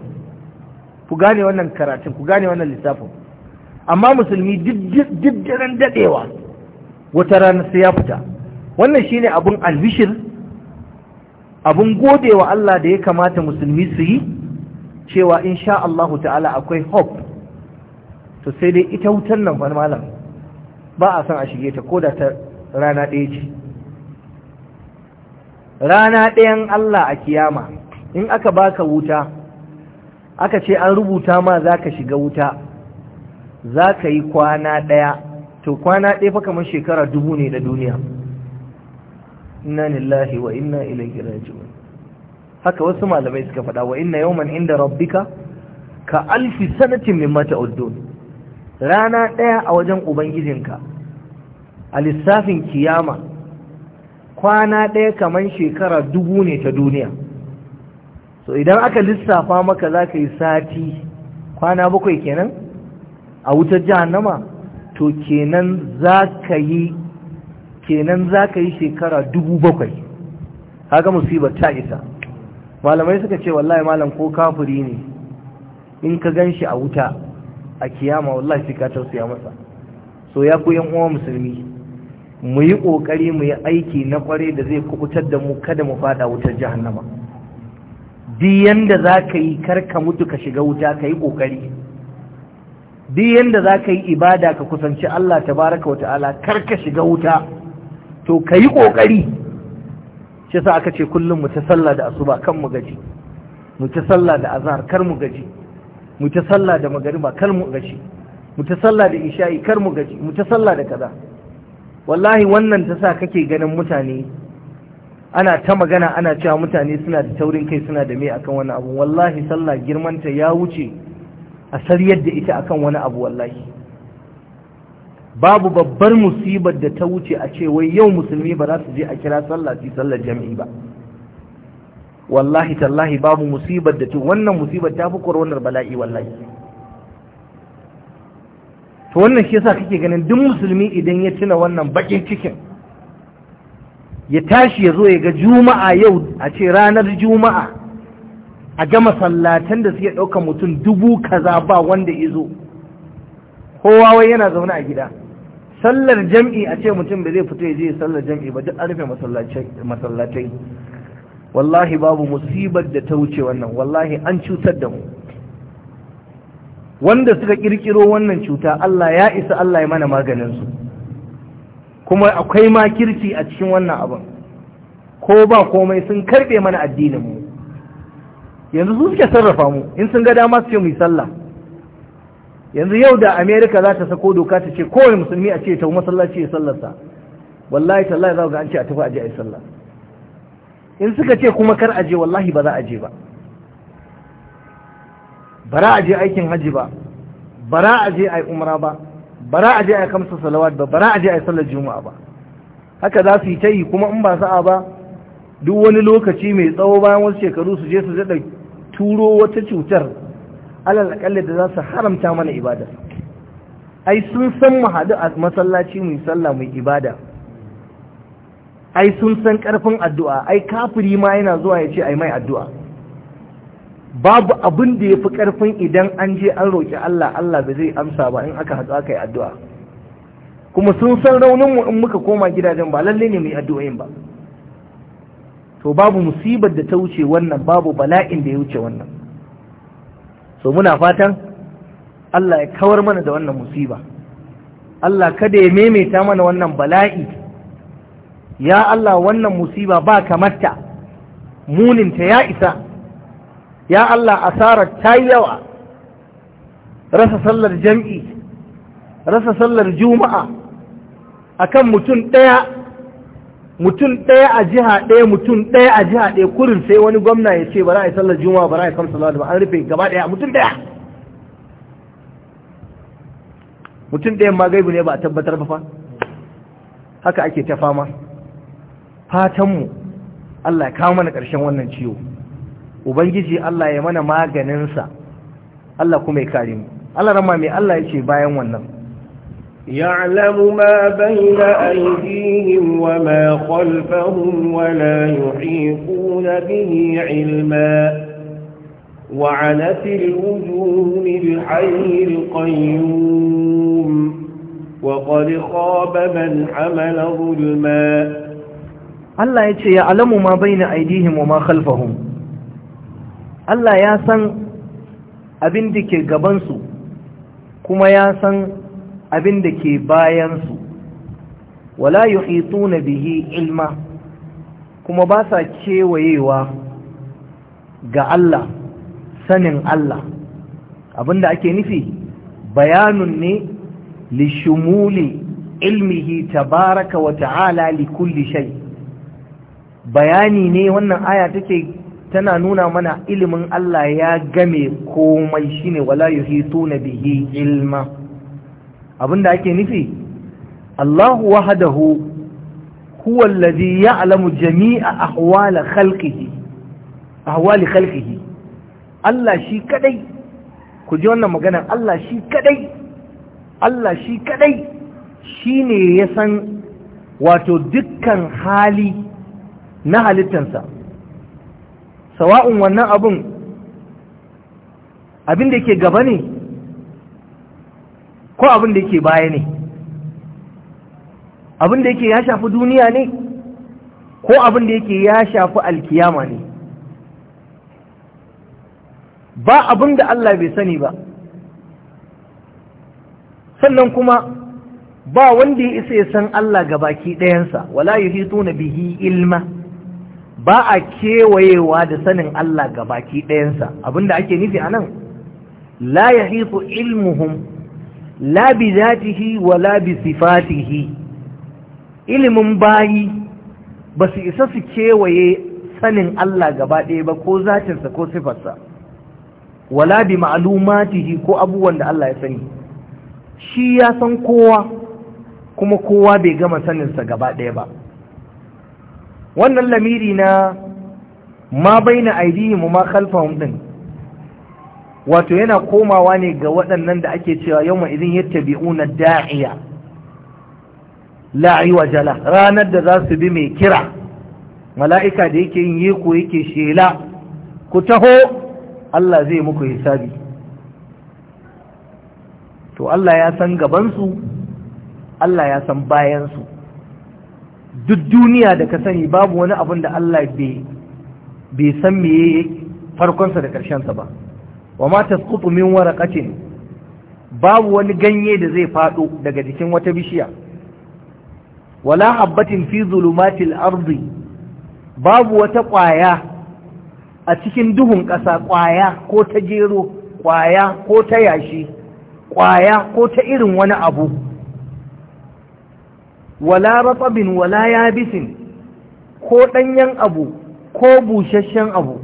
ku gane wannan karatun ku gane wannan lissafin amma musulmi duk daren daɗewa wata rana sai ya fita wannan shine abun albishir abun godewa Allah da ya kamata musulmi su yi cewa insha Allah ta'ala akwai hope to sai dai ita wutan nan malam ba a san a shige ta ko da ta rana ɗaya ce rana ɗayan Allah a kiyama in aka baka wuta aka ce an rubuta ma za ka shiga wuta za ka yi kwana ɗaya to kwana ɗaya fa kamar shekara dubu ne na duniya inna lillahi wa inna ilaihi raji'un haka wasu malamai suka faɗa wa inna yawman inda rabbika ka alfi sanatin mimma ta'uddun rana ɗaya a wajen ubangijinka a lissafin kiyama kwana ɗaya kamar shekara dubu ne ta duniya so idan aka lissafa maka za ka yi sati kwana bakwai kenan a wutar jihannama to kenan za ka yi kenan za ka yi shekara dubu bakwai haka musibar ta isa malamai suka ce wallahi malam ko kafuri ne in ka gan shi a wuta a kiyama wallahi shi ka tausaya masa so ya ku yan uwa musulmi mu yi ƙoƙari mu yi aiki na ƙware da zai kubutar da mu kada mu fada wutar jahannama duk yanda za ka yi karka mutu ka shiga wuta ka yi ƙoƙari duk yanda za ka yi ibada ka kusanci Allah ta baraka wa ta'ala karka shiga wuta to ka yi ƙoƙari shi sa aka ce kullum mu ta sallah da asuba kan mu gaji mu ta sallah da azhar kar mu gaji mu ta sallah da magariba kar mu gaji mu ta sallah da isha'i kar mu gaji mu ta sallah da kaza wallahi wannan ta sa kake ganin mutane ana ta magana ana cewa mutane suna da taurin kai suna da me akan wani abu wallahi sallah girmanta ya wuce a sariyar da ita akan wani abu wallahi babu babbar musibar da ta wuce a ce wai yau musulmi ba za su je a kira sallah su sallar jami'i ba wallahi tallahi babu musibar da ta wannan musibar ta fi koronar bala'i wallahi to wannan shi yasa kake ganin duk musulmi idan ya tuna wannan bakin cikin ya tashi ya zo ya ga juma'a yau a ce ranar juma'a a ga masallatan da suke ɗauka mutum dubu kaza ba wanda ya zo. kowa wai yana zaune a gida sallar jam'i a ce mutum ba zai fito ya je sallar jam'i ba duk an rufe masallatai wallahi babu musibar da ta wuce wannan wallahi an cutar da mu wanda suka kirkiro wannan cuta Allah ya isa Allah ya mana maganinsu kuma akwai ma kirki a cikin wannan abin ko ba komai sun karbe mana addininmu yanzu su suke sarrafa mu in sun ga dama su ce yi sallah yanzu yau da america za ta sako doka ta ce kowane musulmi a ce ta masallaci ya sallarsa wallahi tallahi za ga an ce a tafi aje a yi sallah in suka ce kuma kar aje wallahi ba za a je ba bara a je aikin haji ba bara a je a umra ba bara a je a kamsa salawat ba bara a je a yi sallar juma'a ba haka za su yi ta yi kuma in ba sa'a ba duk wani lokaci mai tsawo bayan wasu shekaru su je su daɗa turo wata cutar alal akalli da za su haramta mana ibada ai sun san mu haɗu a masallaci mu sallah mu ibada ai sun san ƙarfin addu'a ai kafiri ma yana zuwa ya ce ai mai addu'a babu abin da ya fi ƙarfin idan an je an roƙi Allah Allah ba zai amsa ba in aka hatsu aka yi addu'a kuma sun san rauninmu in muka koma gidajen ba lalle ne mai addu'o'in ba to babu musibar da ta wuce wannan babu bala'in da ya wuce wannan so muna fatan Allah ya kawar mana da wannan musiba Allah kada ya maimaita mana wannan bala'i ya Allah wannan musiba ba kamarta muninta ya isa ya Allah asarar ta yi yawa rasa sallar jam'i rasa sallar juma'a akan mutum ɗaya mutum ɗaya a jiha ɗaya mutum ɗaya a jiha ɗaya kurin sai wani gwamna ya ce ba za a yi sallar juma'a ba za a yi kamsa ba an rufe gaba ɗaya mutum ɗaya mutum ɗaya ma gaibu ne ba a tabbatar ba fa haka ake ta fama fatanmu Allah ya kawo mana ƙarshen wannan ciwo ubangiji Allah ya mana maganinsa Allah kuma ya kare mu Allah rama mai Allah ya ce bayan wannan ya'lamu ma baina aydihim wa ma khalfahum wa la yuhiquna bihi ilma وعنت الوجوه للحي القيوم وقد خاب من حمل ظلما الله يتي يعلم ما بين أيديهم وما خلفهم Allah ya san abin da ke gabansu kuma ya san abin da ke bayansu wala na bihi ilma kuma ba sa kewayewa ga Allah sanin Allah Abin abinda ake nufi bayanun ne li shumuli ilmihi tabaraka wa ta'ala li kulli shay bayani ne wannan aya take tana nuna mana ilimin Allah ya game komai shine wala yuhituna bihi ilma abinda ake nufi Allahu wahadahu, huwa alladhi ya'lamu jami'a ahwal khalqihi ahwali khalqihi Allah shi kadai ku ji wannan magana Allah shi kadai Allah shi kadai shine ya san wato dukkan hali na halittansa sawa'un wannan abun abin da yake gaba ne ko abin da yake baya ne abin da yake ya shafi duniya ne ko abin da yake ya shafi alkiyama ne ba abin da Allah bai sani ba sannan kuma ba wanda ya isa ya san Allah ga baki ɗayansa wala yuhituna bihi ilma ba a kewayewa da sanin Allah ga baki ɗayansa abinda ake nufi a nan la ya ilmuhum la bi zatihi wa la bi sifatihi ilimin bayi ba su isa su kewaye sanin Allah gaba ɗaya ba ko zatinsa ko sifarsa wala bi ma'lumatihi ko abubuwan da Allah ya sani shi ya san kowa kuma kowa bai gama saninsa gaba ɗaya ba wannan lamiri na ma baina aidihim ma khalfahum din wato yana komawa ne ga waɗannan da ake cewa yawma idin yattabi'una da'iya la'i wa jala ranar da za su bi mai kira mala'ika da yake yin yeko yake shela ku taho Allah zai muku hisabi to Allah ya san gabansu Allah ya san bayansu duk duniya da ka sani babu wani abin da Allah bai san meye farkonsa da ƙarshensa ba wa ma tasqutu min waraqatin babu wani ganye da zai faɗo daga jikin wata bishiya wala habbatin fi zulumatil ardi babu wata ƙwaya a cikin duhun ƙasa ƙwaya ko ta gero, ƙwaya ko ta yashi ƙwaya ko ta irin wani abu wala ratsabin wala yabisin ko ɗanyen abu ko busasshen abu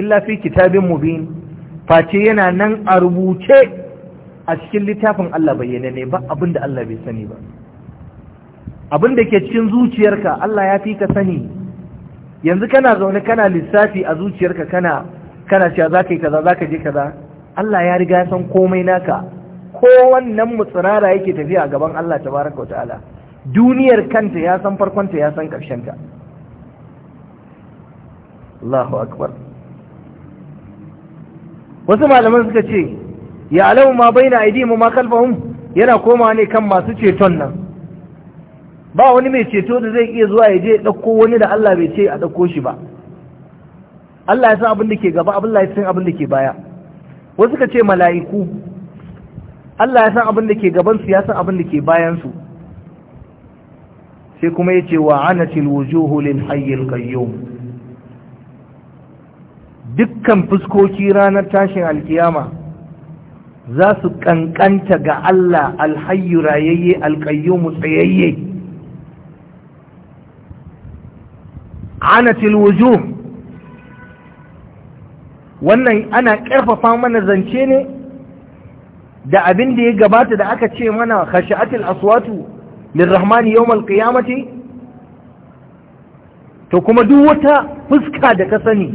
illa fi kitabin mubin face yana nan a rubuce a cikin littafin Allah bayyana ne ba abin da Allah bai sani ba abin da ke cikin zuciyarka Allah ya fi ka sani yanzu kana zaune kana lissafi a zuciyarka kana kana cewa za ka yi kaza za ka je kaza Allah ya riga san komai naka ko wannan mutsirara yake tafiya a gaban Allah tabaraka ta'ala duniyar kanta ya san farkonta ya san ƙarshenta Allahu akbar wasu malaman suka ce ya alamu ma bai na aidi mu ma kalfahun yana koma ne kan masu ceton nan ba wani mai ceto da zai iya zuwa ya je ɗauko wani da Allah bai ce a ɗauko shi ba Allah ya san abin da ke gaba da ya san abin da ke baya wasu ka ce mala'iku Allah ya san abin da ke gabansu ya san abin da ke bayansu sai kuma yace wa anatil wujuhu lil hayyil qayyum dukkan fuskoki ranar tashin alkiyama za su kankanta ga Allah alhayyu rayayye alqayyum tsayayye anatil wujuh wannan ana ƙarfafa mana zance ne da abin da ya gabata da aka ce mana khashi'atul aswatu lirrahmani yawmal qiyamati to kuma duk wata fuska da ka sani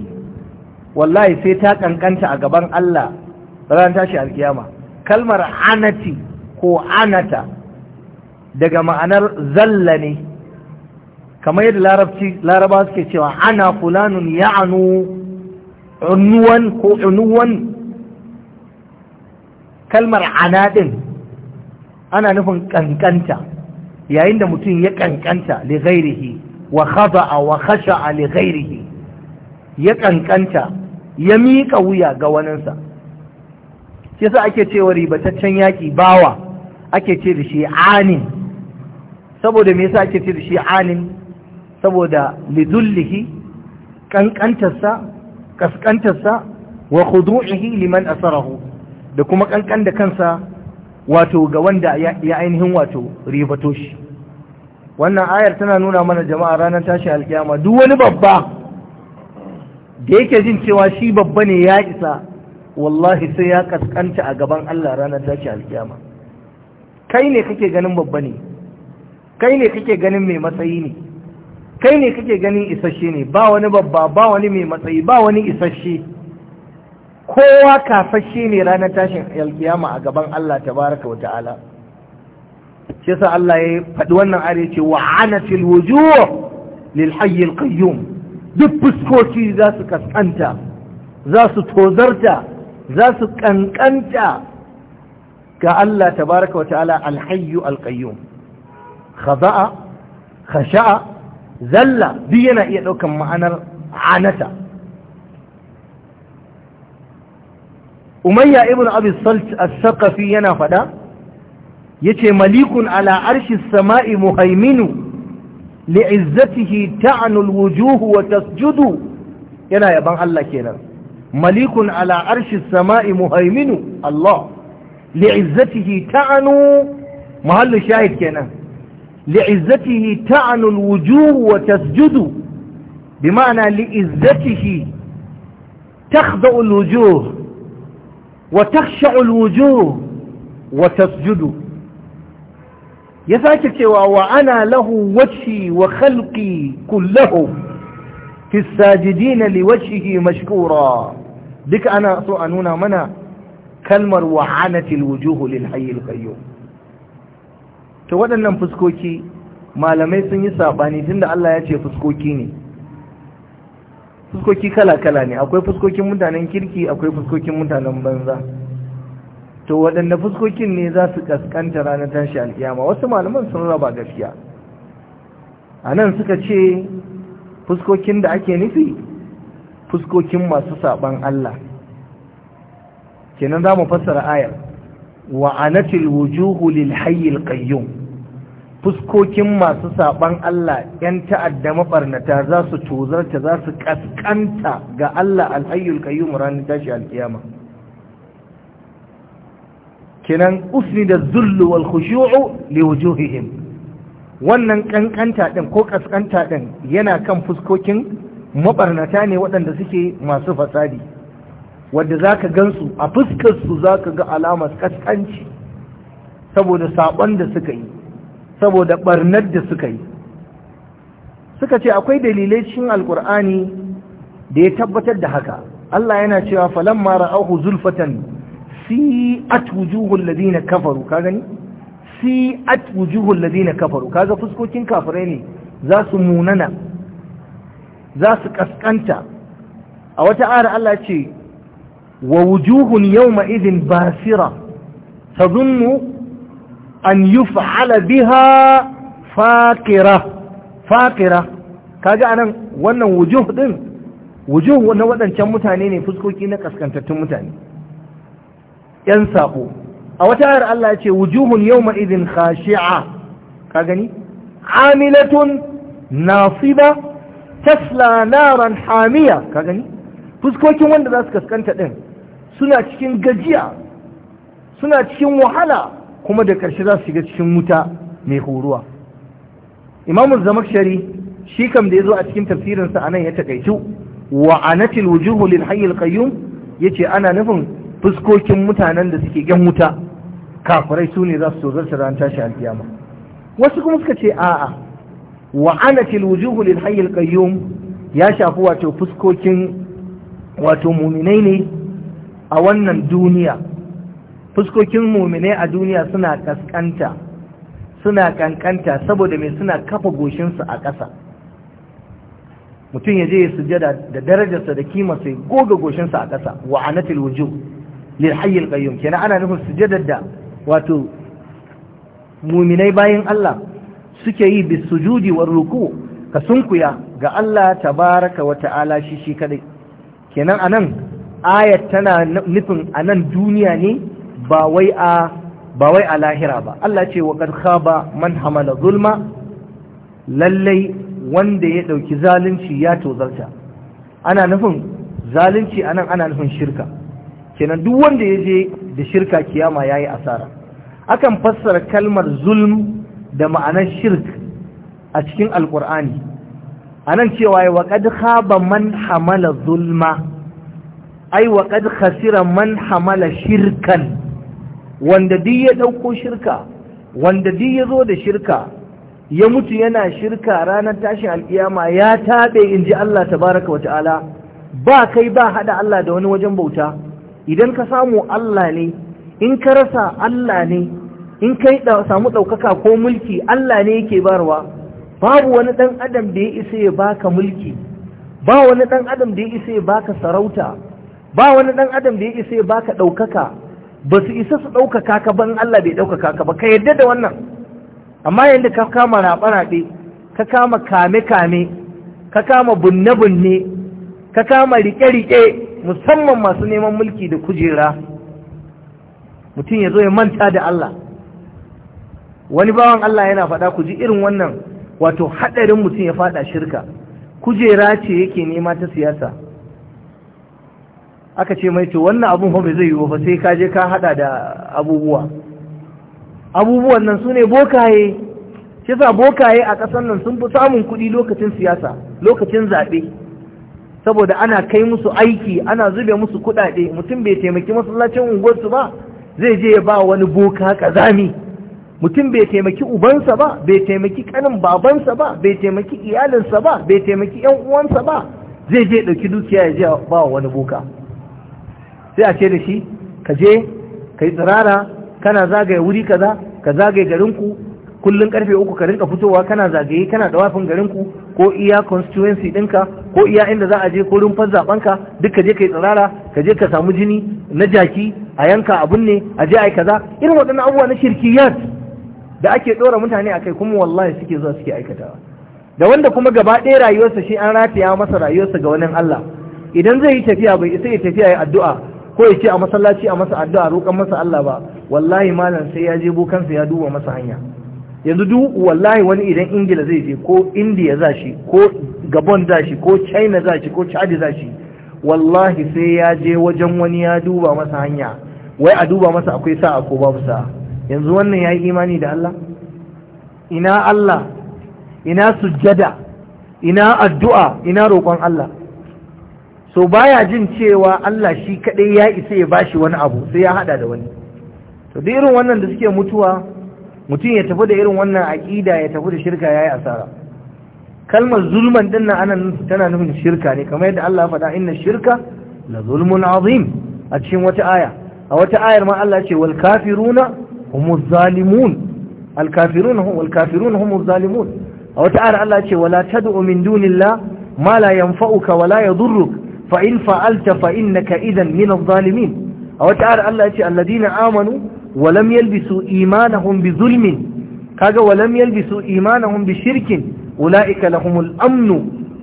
wallahi sai ta kankanta a gaban Allah ran tashi alkiyama kalmar anati ko anata daga ma'anar zalla ne kamar yadda larabci laraba suke cewa ana fulanun ya'anu unuwan ko unuwan kalmar ana ana nufin kankanta yayin da mutum ya kankanta li ghairihi wa khada'a wa khasha'a li ghairihi ya kankanta ya miƙa wuya ga waninsa shi yasa ake cewa ribataccen yaƙi bawa ake ce da shi anin saboda me yasa ake ce da shi anin saboda lidullihi kankantarsa kaskantarsa wa khudu'ihi liman asarahu da kuma kankan da kansa wato ga wanda ya ainihin wato ribato shi wannan ayar tana nuna mana jama'a ranar tashi alkiyama duk wani babba da yake jin cewa shi babba ne ya isa wallahi sai ya kaskanta a gaban Allah ranar tashi alkiyama kai ne kake ganin babba ne kai ne kake ganin mai matsayi ne kai ne kake ganin isasshe ne ba wani babba ba wani mai matsayi ba wani isasshe kowa kafashe ne ranar tashin alkiyama a gaban Allah tabaraka wa ta'ala shi yasa Allah ya faɗi wannan are ce wa anatil wujuh lil hayy qayyum duk fuskoki za su kaskanta za su tozarta za su kankanta ga Allah tabaraka wa ta'ala al hayy al qayyum khasha'a zalla duk yana iya ɗaukan ma'anar anata umayya ibn abis salt as-saqafi yana fada yace malikun ala arshi samai muhaiminu li'izzatihi ta'nu al-wujuh wa tasjudu yana yaban Allah kenan malikun ala arshi samai muhaiminu Allah li'izzatihi ta'nu mahallu shahid kenan li'izzatihi ta'nu al-wujuh wa tasjudu bima'ana li'izzatihi takhda al wa takhsha'u alwujuh wa tasjudu ya sake cewa wa ana lahu wajhi wa khalqi kulluhu fi sajidin liwajhihi mashkura duka ana so a nuna mana kalmar wa anatil wujuh lil hayyil to waɗannan fuskoki malamai sun yi sabani tunda Allah ya ce fuskoki ne fuskoki kala-kala ne akwai fuskokin mutanen kirki akwai fuskokin mutanen banza to waɗanda fuskokin ne za su kaskanta ranar tashi alkiyama wasu malaman sun raba gaskiya a nan suka ce fuskokin da ake nufi fuskokin masu saɓan Allah kenan za mu fassara ayar wa'anatil wujuhu lil hayyil qayyum fuskokin masu saban Allah ‘yan ta'adda mabarnata za su tozarta za su kaskanta ga Allah alhayyul kayyum ranar tashi alkiyama kinan usni da zullu wal khushu'u li wujuhihim wannan kankanta ɗin ko kaskanta ɗin yana kan fuskokin mabarnata ne waɗanda suke masu fasadi wadda wanda zaka gansu a fuskarsu su ka ga alamar ƙasƙanci saboda saban da suka yi saboda barnar da suka yi suka ce akwai dalilai cikin alkur'ani da ya tabbatar da haka Allah yana cewa falamma ra'ahu zulfatan si'at wujuhun ladina kafaru ka gani at wujuhun ladina kafaru ga fuskokin kafirai ne za su munana za su kaskanta a wata ara Allah ce wa wujuhun yau idin basira zunnu. an yuf'ala biha faqira faqira kaga anan wannan wujuh din wujuh na waɗancan mutane ne fuskoki na kaskantattun mutane yan saƙo. a wata 'yar Allah ce wujuhun yawma idhin khashi'a ka gani amilatun nasiba tasla naran hamiya ka gani fuskokin wanda za su kaskanta din suna cikin gajiya suna cikin wahala kuma da ƙarshe za su shiga cikin wuta mai horuwa imamu zamakshari shi kam da ya zo a cikin tafsirinsa a nan ya taƙaitu wa anatil wujuhu lil hayyil qayyum yace ana nufin fuskokin mutanen da suke gan wuta kafirai su ne za su tozarta ran tashi alkiyama wasu kuma suka ce a'a wa anatil wujuhu lil hayyil qayyum ya shafi wato fuskokin wato muminai ne a wannan duniya fuskokin muminai a duniya suna kaskanta suna kankanta saboda mai suna kafa goshinsu a ƙasa mutum ya je ya sujada da darajarsa da kimarsa ya goga goshinsa a ƙasa wa anatil wujuh lil hayyil qayyum kenan ana nufin sujadar da wato muminai bayan Allah suke yi bis sujudi war ruku ka sunkuya ga Allah tabaraka wa ta'ala shi shi kadai kenan anan ayat tana nufin anan duniya ne ba wai a lahira ba Allah ce wa khaba man hamala zulma lallai wanda ya ɗauki zalunci ya tozarta ana nufin zalunci anan ana nufin shirka kenan duk wanda ya je da shirka kiyama yayi asara akan fassara kalmar zulm da ma'anar shirk a cikin alkur'ani anan cewa ya waƙad khaba man hamala zulma ai waƙad khasira man hamala shirkan wanda duk ya ɗauko shirka wanda duk ya zo da shirka ya mutu yana shirka ranar tashin alkiyama ya taɓe in ji Allah ta wa ta'ala ba kai ba haɗa Allah da wani wajen bauta idan ka samu Allah ne in ka rasa Allah ne in ka samu ɗaukaka ko mulki Allah ne yake barwa babu wani ɗan adam da ya isa ya baka mulki ba wani ɗan adam da ya isa ya baka sarauta ba wani ɗan adam da ya isa ya baka ɗaukaka ba su isa su ɗaukaka ka ban Allah bai ɗaukaka ka ba ka yadda da wannan amma yadda ka kama raɓe-raɓe ka kama kame-kame ka kama bunne-bunne ka kama riƙe-riƙe musamman masu neman mulki da kujera mutum ya zo ya manta da Allah wani bawan Allah yana faɗa ku ji irin wannan wato haɗarin mutum ya faɗa shirka kujera ce yake nema ta siyasa aka ce mai to wannan abun fa bai zai yi ba sai ka je ka hada da abubuwa abubuwan nan su ne bokaye shi sa bokaye a ƙasar nan sun fi samun kuɗi lokacin siyasa lokacin zaɓe saboda ana kai musu aiki ana zube musu kuɗaɗe mutum bai taimaki masallacin unguwarsu ba zai je ya ba wani boka ƙazami mutum bai taimaki ubansa ba bai taimaki ƙanin babansa ba bai taimaki iyalinsa ba bai taimaki yan uwansa ba zai je ɗauki dukiya ya je ba wani boka sai a ce da shi ka je ka yi tsirara kana zagaye wuri kaza ka zagaye garinku kullum karfe uku ka rinka fitowa kana zagaye kana dawafin garinku ko iya constituency ɗinka ko iya inda za a je ko rumfar zaɓenka duk ka je ka yi tsirara ka je ka samu jini na jaki a yanka abun ne a je a yi kaza irin waɗannan abubuwa na shirkiyat da ake ɗora mutane a kai kuma wallahi suke zuwa suke aikatawa da wanda kuma gaba ɗaya rayuwarsa shi an rataya masa rayuwarsa ga wani Allah idan zai yi tafiya bai isa ya tafiya ya addu'a ko ya ce a masallaci a masa addu'a roƙon masa Allah ba wallahi malam sai ya je bokansa ya duba masa hanya yanzu duk wallahi wani idan ingila zai je ko indiya za shi ko gabon za shi ko china za shi ko chad za shi wallahi sai ya je wajen wani ya duba masa hanya wai a duba masa akwai sa'a ko babu sa'a yanzu wannan ya yi imani da Allah ina Allah ina sujjada ina addu'a ina roƙon Allah so baya jin cewa Allah shi kaɗai ya isa ya bashi wani abu sai ya haɗa da wani to duk irin wannan da suke mutuwa mutum ya tafi da irin wannan aƙida ya tafi da shirka ya yi asara kalmar zulman din nan anan tana nufin shirka ne kamar yadda Allah faɗa inna shirka la zulmun azim a cikin wata aya a wata ayar ma Allah ce wal kafiruna humuz zalimun al kafiruna hum wal kafiruna humuz zalimun a wata ayar Allah ce wala tad'u min dunillah ma la yanfa'uka wala yadhurruka Fa'in fa'alta fa'in na ka'idan min adh a wata ta'ala Allah yace alladina amanu wa lam yalbisu imanahum bi zulmin kaga wa lam yalbisu imanahum bi shirkin ulaika lahumul amn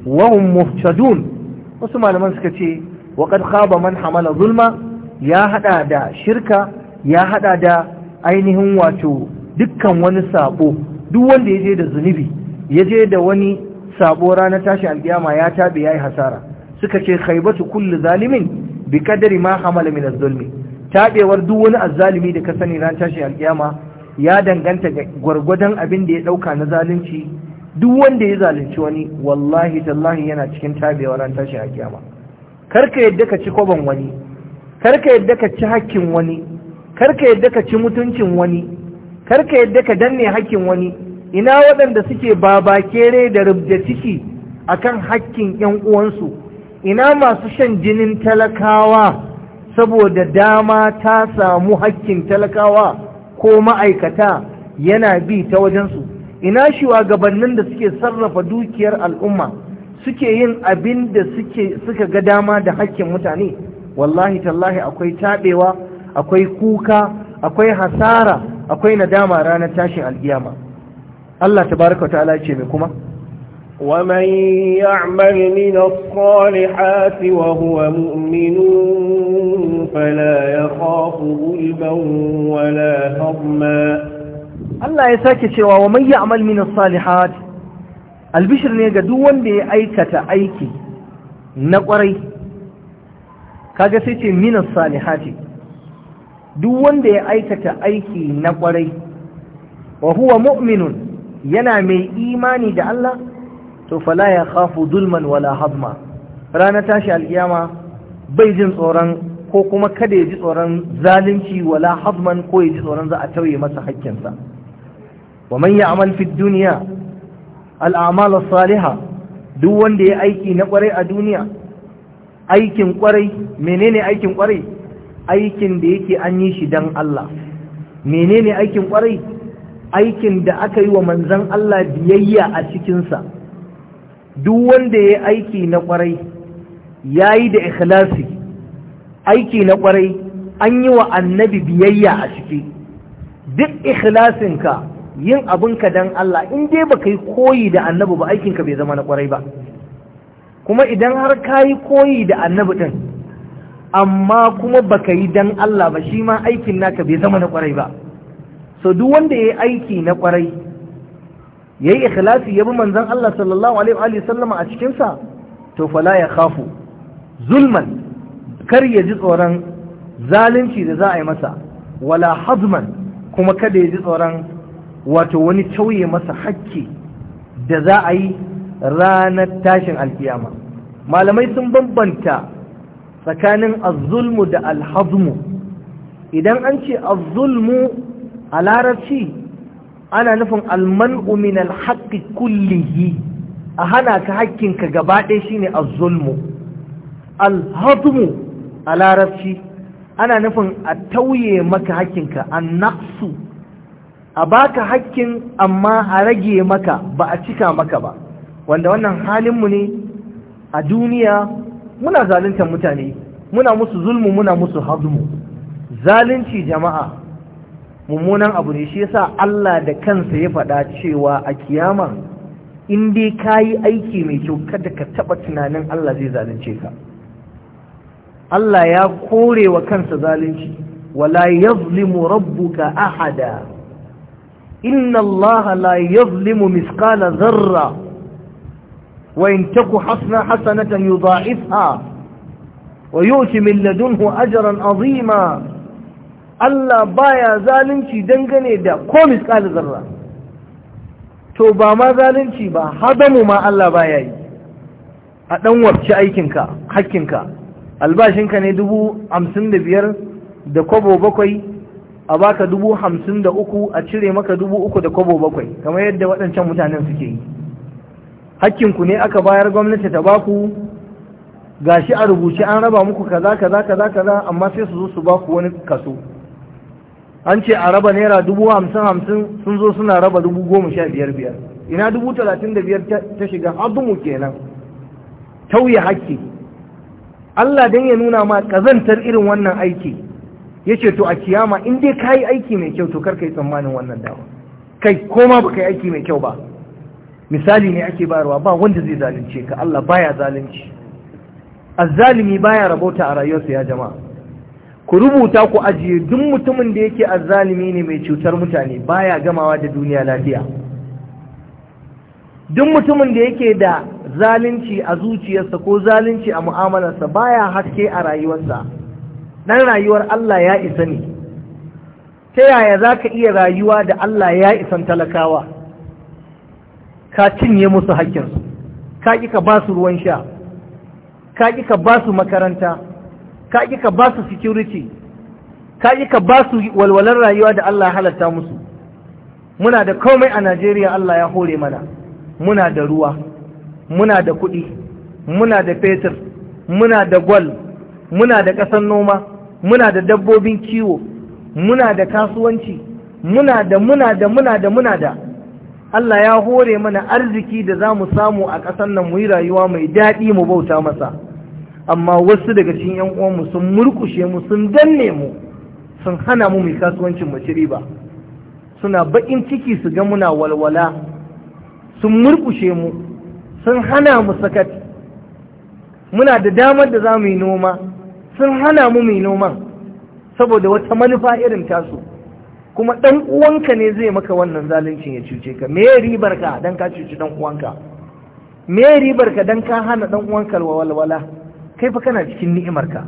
wa hum muhtadun wasu malaman suka ce wa qad man hamala zulma ya hada da shirka ya hada da ainihin wato dukkan wani sabo duk wanda ya je da zunubi yaje da wani sabo ranar tashi alƙiyama ya ya yayi hasara suka ce khaibatu kulli zalimin bi kadari ma hamala min az-zulmi tabewar duk wani az-zalimi da ka sani ran tashi alkiyama ya danganta ga gwargwadon abin da ya dauka na zalunci duk wanda ya zalunci wani wallahi tallahi yana cikin tabewar ran tashi alkiyama karka yadda ka ci koban wani karka yadda ka ci hakkin wani karka yadda ka ci mutuncin wani karka yadda ka danne hakkin wani ina waɗanda suke babakere da rubda ciki akan hakkin 'yan uwansu ina masu shan jinin talakawa saboda dama ta samu hakkin talakawa ko ma'aikata yana bi ta wajensu ina shugabannin da suke sarrafa dukiyar al'umma suke yin abin da suka ga dama da hakkin mutane wallahi tallahi akwai taɓewa akwai kuka akwai hasara akwai nadama ranar tashin alkiyama Allah tabaraka wa ta'ala ce mai kuma ومن يعمل من الصالحات وهو مؤمن فلا يخاف ظلما ولا هضما الله يساكي شوى ومن يعمل من الصالحات البشر ne ga duk wanda ya aikata aiki na kwarai kaga sai ce minas salihati duk wanda ya aikata aiki na kwarai wa huwa mu'minun yana mai imani da Allah to fala ya khafu dulman wala hadma rana tashi alkiyama bai jin tsoron ko kuma kada ya ji tsoron zalunci wala hadman ko ya ji tsoron za a tauye masa hakkinsa wa man ya'mal fi dunya al a'mal as duk wanda ya aiki na kwarai a duniya aikin kwarai menene aikin kwarai aikin da yake an yi shi dan Allah menene aikin kwarai aikin da aka yi wa manzon Allah biyayya a cikinsa duk wanda ya aiki na kwarai ya yi da ikhlasi aiki na kwarai an yi wa annabi biyayya a ciki duk ikhlasinka yin abinka don Allah in dai baka yi koyi da annabi ba aikinka bai zama na kwarai ba kuma idan har ka yi koyi da annabi din, amma kuma baka yi don Allah ba shi ma aikin naka bai zama na kwarai ba so duk wanda ya yi aiki na kwarai yayi ikhlasi ya bi manzon Allah sallallahu alaihi wa sallama a cikin sa to fala ya khafu zulman kar ya ji tsoron zalunci da za a yi masa wala hazman kuma kada ya ji tsoron wato wani tauye masa hakki da za a yi ranar tashin alkiyama malamai sun bambanta tsakanin azulmu da alhazmu idan an ce azulmu a larabci ana nufin alman'u min kulli kullihi a hana ka ka gaba ɗaya shine az-zulmu al a larabci ana nufin a tauye maka haƙƙinka, an naƙsu, a baka haƙƙin amma a rage maka ba a cika maka ba wanda wannan halinmu ne a duniya muna zaluntar mutane muna musu zulmu muna musu hazmu zalunci jama'a mummunan abu ne shi yasa Allah da kansa ya faɗa cewa a kiyama in dai kayi aiki mai kyau kada ka taba tunanin Allah zai zalunce ka Allah ya kore wa kansa zalunci wala yazlimu rabbuka ahada inna Allah la yazlimu mithqala dharra wa in taku hasana hasanatan yudha'ifha wa yu'ti min ladunhu ajran 'azima Allah baya zalunci dangane da ko misqal zarra to ba ma zalunci ba hadamu ma Allah baya yi a dan wabci aikinka hakkinka albashinka ne dubu hamsin da biyar da kobo bakwai a baka dubu hamsin da uku a cire maka dubu uku da kwabo bakwai kamar yadda waɗancan mutanen suke yi hakkinku ne aka bayar gwamnati ta baku gashi a rubuce an raba muku kaza kaza kaza kaza amma sai su zo su baku wani kaso an ce a raba naira dubu hamsin hamsin sun zo suna raba dubu goma sha biyar biyar ina dubu talatin da biyar ta shiga azumu kenan tauye hakki Allah dan ya nuna ma kazantar irin wannan aiki ya ce to a kiyama in dai ka yi aiki mai kyau to kar ka yi tsammanin wannan dama kai koma ba ka yi aiki mai kyau ba misali ne ake bayarwa ba wanda zai zalunce ka Allah baya zalunci azzalimi baya rabota a rayuwarsa ya jama'a ku rubuta ku ajiye duk mutumin da yake azzalimi ne mai cutar mutane baya gamawa da duniya lafiya duk mutumin da yake da zalunci a zuciyarsa ko zalunci a mu'amalarsa baya haske a rayuwarsa dan rayuwar Allah ya isa ne ta yaya za ka iya rayuwa da Allah ya isan talakawa ka cinye musu haƙƙinsu ka ƙi ka ba su ruwan sha ka ƙi ka ba su makaranta ka ki ka ba su security ka ki ka ba su walwalar rayuwa da Allah halatta musu muna da komai a Najeriya Allah ya hore mana muna da ruwa muna da kuɗi muna da fetur muna da gwal muna da ƙasar noma muna da dabbobin kiwo muna da kasuwanci muna da muna da muna da muna da Allah ya hore mana arziki da za mu samu a ƙasar nan mu yi rayuwa mai daɗi mu bauta masa amma wasu daga cikin yan uwanmu sun murkushe mu sun danne mu sun hana mu mai kasuwancin mace riba suna bakin ciki su ga muna walwala sun murkushe mu sun hana mu sakat muna da damar da za mu yi noma sun hana mu mai noma, saboda wata manufa irin tasu kuma ɗan uwanka ne zai maka wannan zaluncin ya cuce ka me ribar ka dan ka cuci ɗan uwanka me ribar ka dan ka hana ɗan uwanka walwala kai fa kana cikin ni'imarka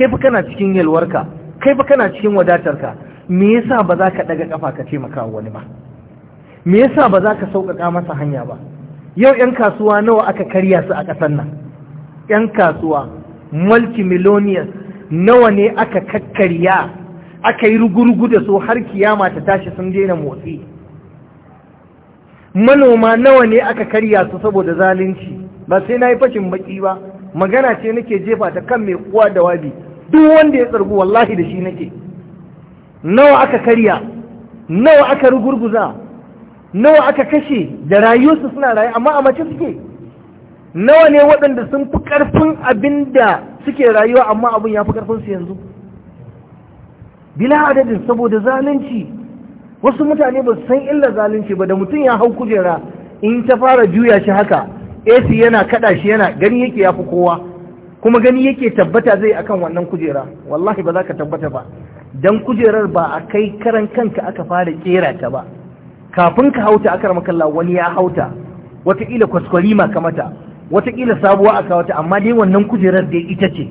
kai fa kana cikin yalwarka kai fa kana cikin wadatarka me yasa ba za ka daga kafa ka taimaka wani ba me yasa ba za ka sauƙaƙa masa hanya ba yau 'yan kasuwa nawa aka karya su a ƙasar nan 'yan kasuwa multimillionaires nawa ne aka kakkarya aka yi rugurugu da su har kiyama ta tashi sun daina motsi manoma nawa ne aka karya su saboda zalunci ba sai na yi fashin baki ba magana ce nake jefa ta kan mai kuwa da wabi duk wanda ya tsargu wallahi da shi nake nawa aka karya nawa aka rugurguza nawa aka kashe da rayuwarsu suna raye amma a mace suke nawa ne waɗanda sun fi ƙarfin abin da suke rayuwa amma abin ya fi ƙarfinsu yanzu bila adadin saboda zalunci wasu mutane ba su san illa zalunci ba da mutum ya hau kujera in ta fara juya shi haka AC yana kada shi yana gani yake yafi kowa kuma gani yake tabbata zai akan wannan kujera wallahi ba za ka tabbata ba dan kujerar ba a kai karan kanka aka fara kera ta ba kafin ka hauta akar makalla wani ya hauta wataƙila kwaskwari ma kamata wataƙila sabuwa aka wata amma dai wannan kujerar da ita ce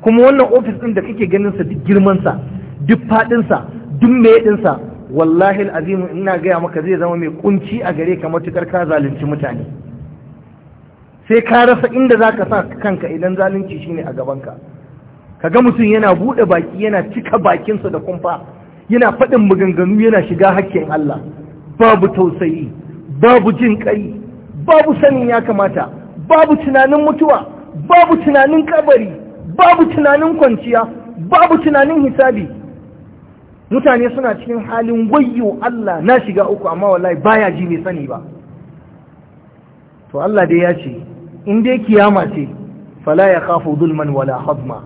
kuma wannan ofis ɗin da kake ganin sa duk girman sa duk faɗinsa, sa duk meye din sa wallahi alazim ina gaya maka zai zama mai kunci a gare ka matukar ka zalunci mutane sai ka rasa inda za ka sa kanka idan zalunci shine a gabanka ka ga mutum yana buɗe baki yana cika bakinsa da kumfa yana faɗin maganganu yana shiga hakkin Allah babu tausayi babu jin ƙai babu sanin ya kamata babu tunanin mutuwa babu tunanin kabari babu tunanin kwanciya babu tunanin hisabi mutane suna cikin halin wayyo Allah na shiga uku amma wallahi baya ji mai sani ba to Allah dai ya ce in dai kiyama ce fala ya kafa zulman wala hazma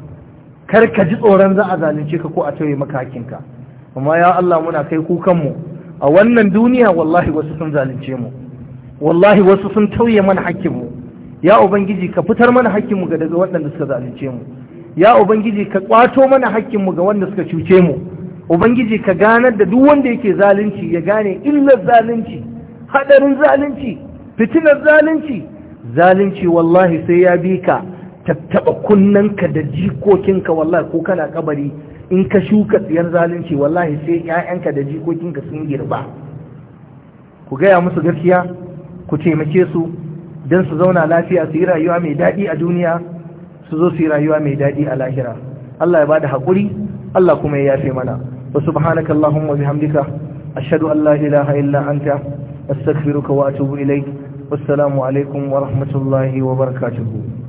kar ka ji tsoron za a zalunce ka ko a tawaye maka hakinka amma ya Allah muna kai kukan mu a wannan duniya wallahi wasu sun zalunce mu wallahi wasu sun tauye mana hakkin mu ya ubangiji ka fitar mana hakkin mu daga waɗanda suka zalunce mu ya ubangiji ka kwato mana hakkin mu ga wanda suka cuce mu ubangiji ka ganar da duk wanda yake zalunci ya gane illar zalunci hadarin zalunci fitinar zalunci zalunci wallahi sai ya bi ka tattaba kunnanka da jikokinka wallahi ko kana kabari in ka shuka tsiyar zalunci wallahi sai 'ya'yanka da jikokinka sun girba ku gaya musu gaskiya ku taimake su don su zauna lafiya su yi rayuwa mai daɗi a duniya su zo su yi rayuwa mai daɗi a lahira Allah ya bada haƙuri Allah kuma ya yafe mana wa subhanaka Allahumma bihamdika ashhadu an la ilaha illa anta astaghfiruka wa atubu ilayk wassalamu alaikum wa rahmatullahi wa barakatuhu